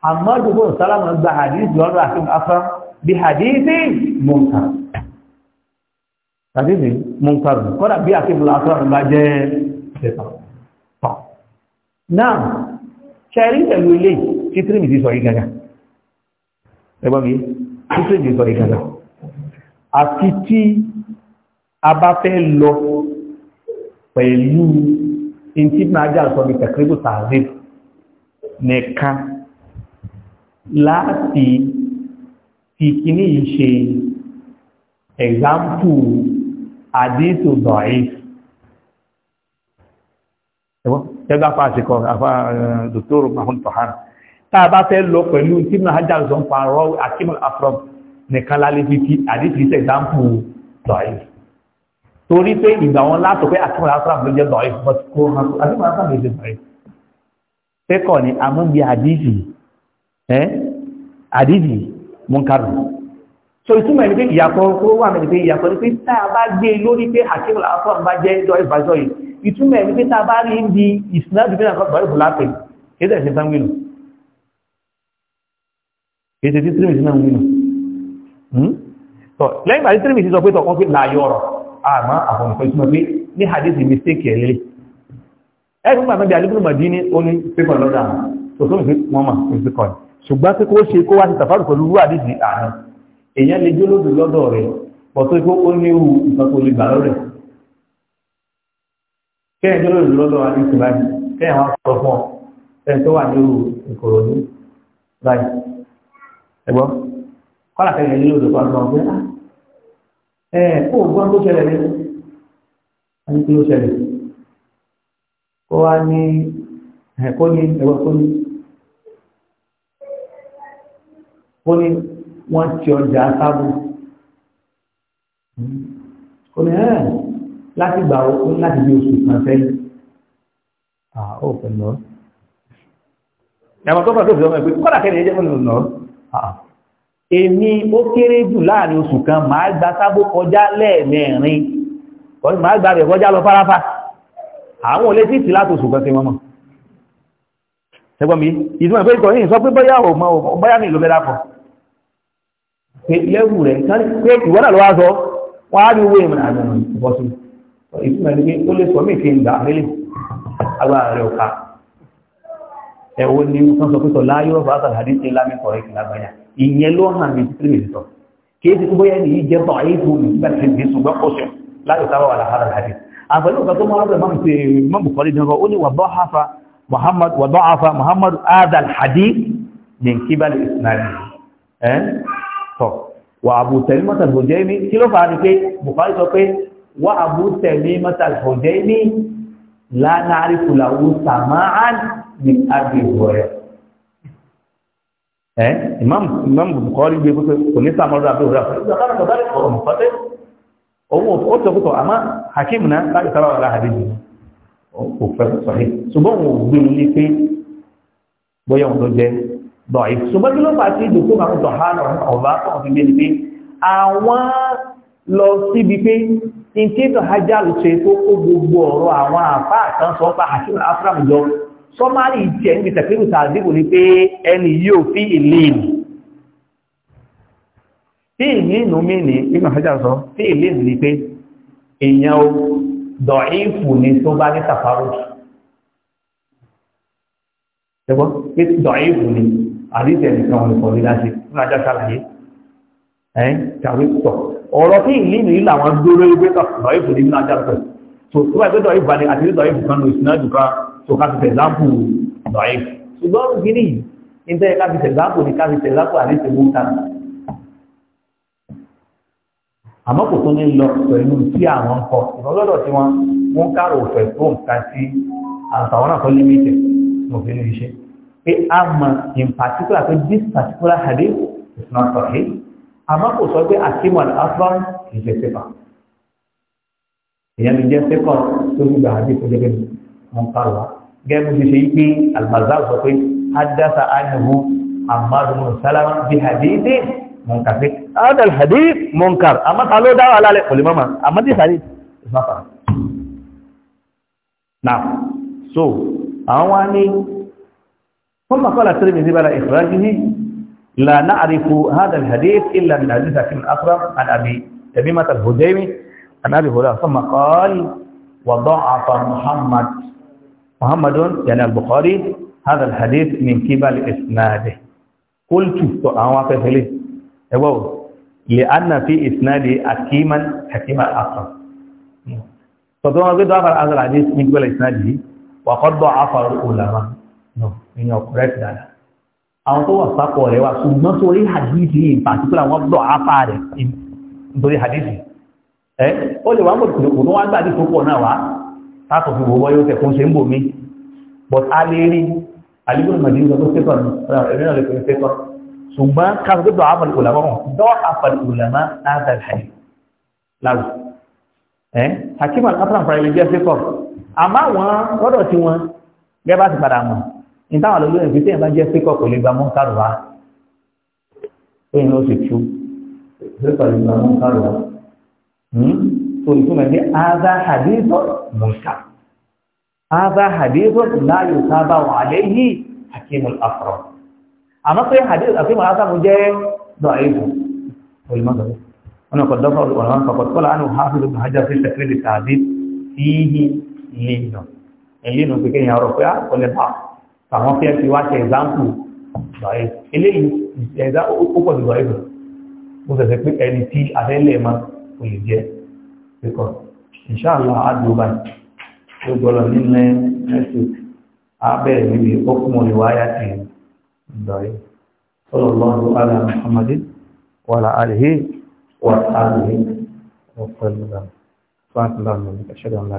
hamadun bọ́n sálámù gba hadith lọ́rọ̀ hakimun afra bí hadithi munkar tàbí ní munkaru kọ́dà bí àkíbùlà àtọ́rọ̀ bá jẹ́ ẹ̀tọ́ tọ́ náà ṣẹ́rí pẹ̀lú ilé títírìmì ti sọ yí gangan ẹgbọ́n mi títírìmì ti sọ yí gangan àti tí a bá fẹ́ lọ pẹ̀lú ìntí àdíìtù dọ̀ọ̀í ẹgbẹ́ afá àsìkò afá dòtóró mahun tọ̀hárà tá a bá fẹ́ lọ pẹ̀lú tí mo hajjá zọ ń pa rọ akímọ̀ afrọm nìkan lálẹ́ fi kí àdíìtù ìṣẹ̀ ìdáǹpù dọ̀ọ̀í torí pé ìgbà wọn látò pé akímọ̀ afrọm ló jẹ́ dọ̀ọ̀í but kò hàn akímọ̀ afrọm ló jẹ́ so itu ẹni pé ìyàtọ̀ tó wà mẹ́rin pé ìyàtọ̀ ní pé tá bá gbé e lórí pé hakim al-afọ́n bá jẹ́ ìjọ ìbájọ́ yìí ìtumọ̀ ẹni pé tá a bá rí ń di ìsinádùú bí nàkọ́ bọ̀rẹ̀ bùlápẹ̀ kéde ẹ̀sìn tán wínú kéde tí tírímì sí náà wínú tọ hmm? lẹ́yìn ìgbà tí tírímì sí sọ pé tọkàn pé láàyò ní hadith mistake ẹ̀ lélẹ̀ ẹ̀rùn gbàgbọ́n bí alẹ́kùnrin mọ̀dí ní ó ní pépà lọ́dọ̀ àwọn tòótọ́ mi fi wọ́n mà ń fi kọ́ ṣùgbọ́n pé kó ṣe kó wá sí pẹ̀lú àdìsí àárín èèyàn lè jólódù lọ́dọ̀ rẹ̀ pọ̀tó ikú ó ní irú nǹkan tó lè gbà lọ́rẹ̀ kẹ́yìn jólódù lọ́dọ̀ wa ní ìsìnlá kẹ́yìn wá sọ fún ọ kẹ́yìn tó wà ní irú ìkòròdú báyìí ẹ̀gbọ́n kọ́lá kẹ́yìn jólódù kan sọ pé ah, ẹ̀ kó o gbọ́n tó ṣẹlẹ̀ ní ẹni tó ṣẹlẹ̀ kó wá ní ẹ̀kọ́ ní ẹ̀gbọ́n kó ní wọ́n ti ọjà sábò kò ní ẹ́ láti gbà ó láti bí oṣù kan sẹ́yìn ó fẹ́ lọ. ìyàwó tó fà tó fi ọmọ ẹ̀ pé kọ́dà kẹ́ni ẹ̀jẹ̀ mọ́nà lọ. èmi ó kéré jù láàrin oṣù kan màá gba sábò kọjá lẹ́ẹ̀mẹrin màá gba rẹ̀ kọjá lọ fáráfá àwọn olè tí ì sí láti oṣù kan sí wọn mọ̀. ṣẹ́gbọ́n mi ìdúmọ̀ pé ìkọ̀yìn sọ pé bóyá ò mọ bóyá mi ìlú bẹ́ẹ̀ dápọ̀ lẹ́rù rẹ̀ pé ìwọ́n náà ló wá sọ wọ́n á rí owó ìmọ̀ àgbà bọ́ sí ìfúnmọ̀ ní pé ó lè sọ mí kí n gbà mílì agbára rẹ̀ ọ̀ka ẹ̀wọ́ ni wọ́n sọ pé sọ láyọ̀ bá sàlá dé ṣe lámì kọ̀rẹ́ kì lágbàáyà ìyẹn ló hàn mí títí mi sọ kìí ti bóyá ní ìjẹ́ bọ̀ ayé tó mi nígbà tí mi ṣùgbọ́n kò tọ̀ wà Abu Tamimah al-Hujaimi kí ló fàá ni pé Bukhari sọ pé wà Abu Tamimah al-Hujaimi la na'rifu lahu sama'an min Abi Hurairah ẹ́ Imam Bukhari gbé pé kò ní sàmọ́rọ̀ Abi Hurairah owó ó tó kútọ̀ àmá hakim náà láti sára ọ̀rá àdéjì ó dọ̀ì ṣùgbọ́n kí ló fà sí ìdòkó àwọn tọ̀hánà ọ̀bá kan fi gbé ni pé àwọn lọ síbi pé ìké tọ̀hájálù ṣe tó kó gbogbo ọ̀rọ̀ àwọn àfá àtàn sọ pa àṣírí afram jọ sọmárì ìjẹ́ níbi tẹ̀kírù ni pé ẹni yóò fi ìlíìnì fi ìlíìnì mi ní inú àṣájá sọ fi ìlíìnì ni àdìsẹ̀ nìkan wọn kọ̀ lílá ṣe fún ajá ṣàlàyé ẹ̀ kàwé tọ̀ ọ̀rọ̀ tí ìlú mi làwọn dúró ẹgbẹ́ tọ̀ lọ́yẹ̀ fún nínú ajá tọ̀ tó tó bá ìgbẹ́tọ̀ ìbá ni àti ìgbẹ́tọ̀ ìbùkan ló ìsìn náà jù kan tó ká fi tẹ̀ láàpù lọ́yẹ̀ ṣùgbọ́n gírí ní tẹ́ ká fi tẹ̀ láàpù ní ká fi tẹ̀ láàpù àdìsẹ̀ mú ta àmọ́ kò pé a mọ̀ in particular pé this particular hadith is not sahih àmọ́ kò sọ pé akim al-afram kì í ṣe sèpà èèyàn lè jẹ́ sèpà tó gbígbà hadith tó jẹ́gẹ́ wọn kà wá gẹ́gẹ́ bí ṣe yí pé al-Bazzar sọ pé haddatha anhu Ammar bin Salama bí hadith munkar pé hada hadith munkar àmọ́ ta ló dá wà lálẹ́ kò lè mọ́mọ́ àmọ́ this hadith is not sahih now so àwọn wá ní ثم قال الترمذي بلا إخراجه لا نعرف هذا الحديث إلا من حديث حكيم الأكرم عن أبي تميمة الهديمي عن أبي هريرة ثم قال وضعف محمد محمد يعني البخاري هذا الحديث من قبل إسناده قلت سؤال فهلي أبوه لأن في إسناده حكيما حكيما الأكرم فضعف هذا الحديث من قبل إسناده وقد ضعف العلماء no ìyẹn ọ̀kọ̀rẹ́tì dáadáa àwọn tó wà sápọ̀ rẹ̀ wà ṣùgbọ́n sórí hadithi in particular wọ́n dọ̀ afá rẹ̀ nítorí hadithi ẹ́ ó lè wá mọ̀tò kò tó wá gbàdí tó pọ̀ náà wá táàtò fi wọ́wọ́ yóò fẹ́ kó ṣe ń bò mí but a lè rí alígbọ́n màdínú tó sẹ́kọ̀ọ́ ẹ̀rí náà lè fi sẹ́kọ̀ọ́ ṣùgbọ́n káàkiri dọ̀ afá olùlàmọ́ wọn dọ̀ afá olùlàmọ́ láàdà ìhàyè hakim al-afran fara ilé jẹ́ sẹ́kọ̀ọ́ àmọ́ àwọn lọ́dọ̀ tí ìtawà lórí ẹ̀ fìtẹ́ ìbá jẹ́ píkọ̀ kò lè gba mọ́ńkàrù wa lóyìn ló sì tú píkọ̀ lè gba mọ́ńkàrù wa tó ìtumọ̀ ní aza hadithọ mọ̀ǹkà aza hadithọ láyò sábà wà lẹ́yìn hakimul afro àmọ́ pé hadith àfihàn aza mo jẹ́ dọ̀ àìbù olùmọ̀sọ̀rọ̀ wọn kò dọ́kọ̀ olùwọ̀n kọ̀kọ̀ kọ́lá ánú hafiz ibn hajar fi ṣàkíyèsí tàbí fíhì lẹ́yìn náà ẹ̀yìn náà pé kéèyàn rọ̀ àwọn fẹ́ fi wá ṣe ẹ̀záǹpù báyìí eléyìí ẹ̀zá ó pọ̀ jù báyìí mo sẹ̀sẹ̀ pé ẹni tí afẹ́lẹ̀ ma kò lè jẹ́ pẹ̀kọ́ ìṣàlá àdúgbà tó gbọ́lọ̀ nílẹ̀ ẹ̀sùn abẹ́rẹ̀ níbi ọkùnrin ìwáyà ti báyìí sallallahu ala muhammadin wa ala alihi wa alihi wa sallam fún àtìlánà ìṣẹ́dọ̀ ńlá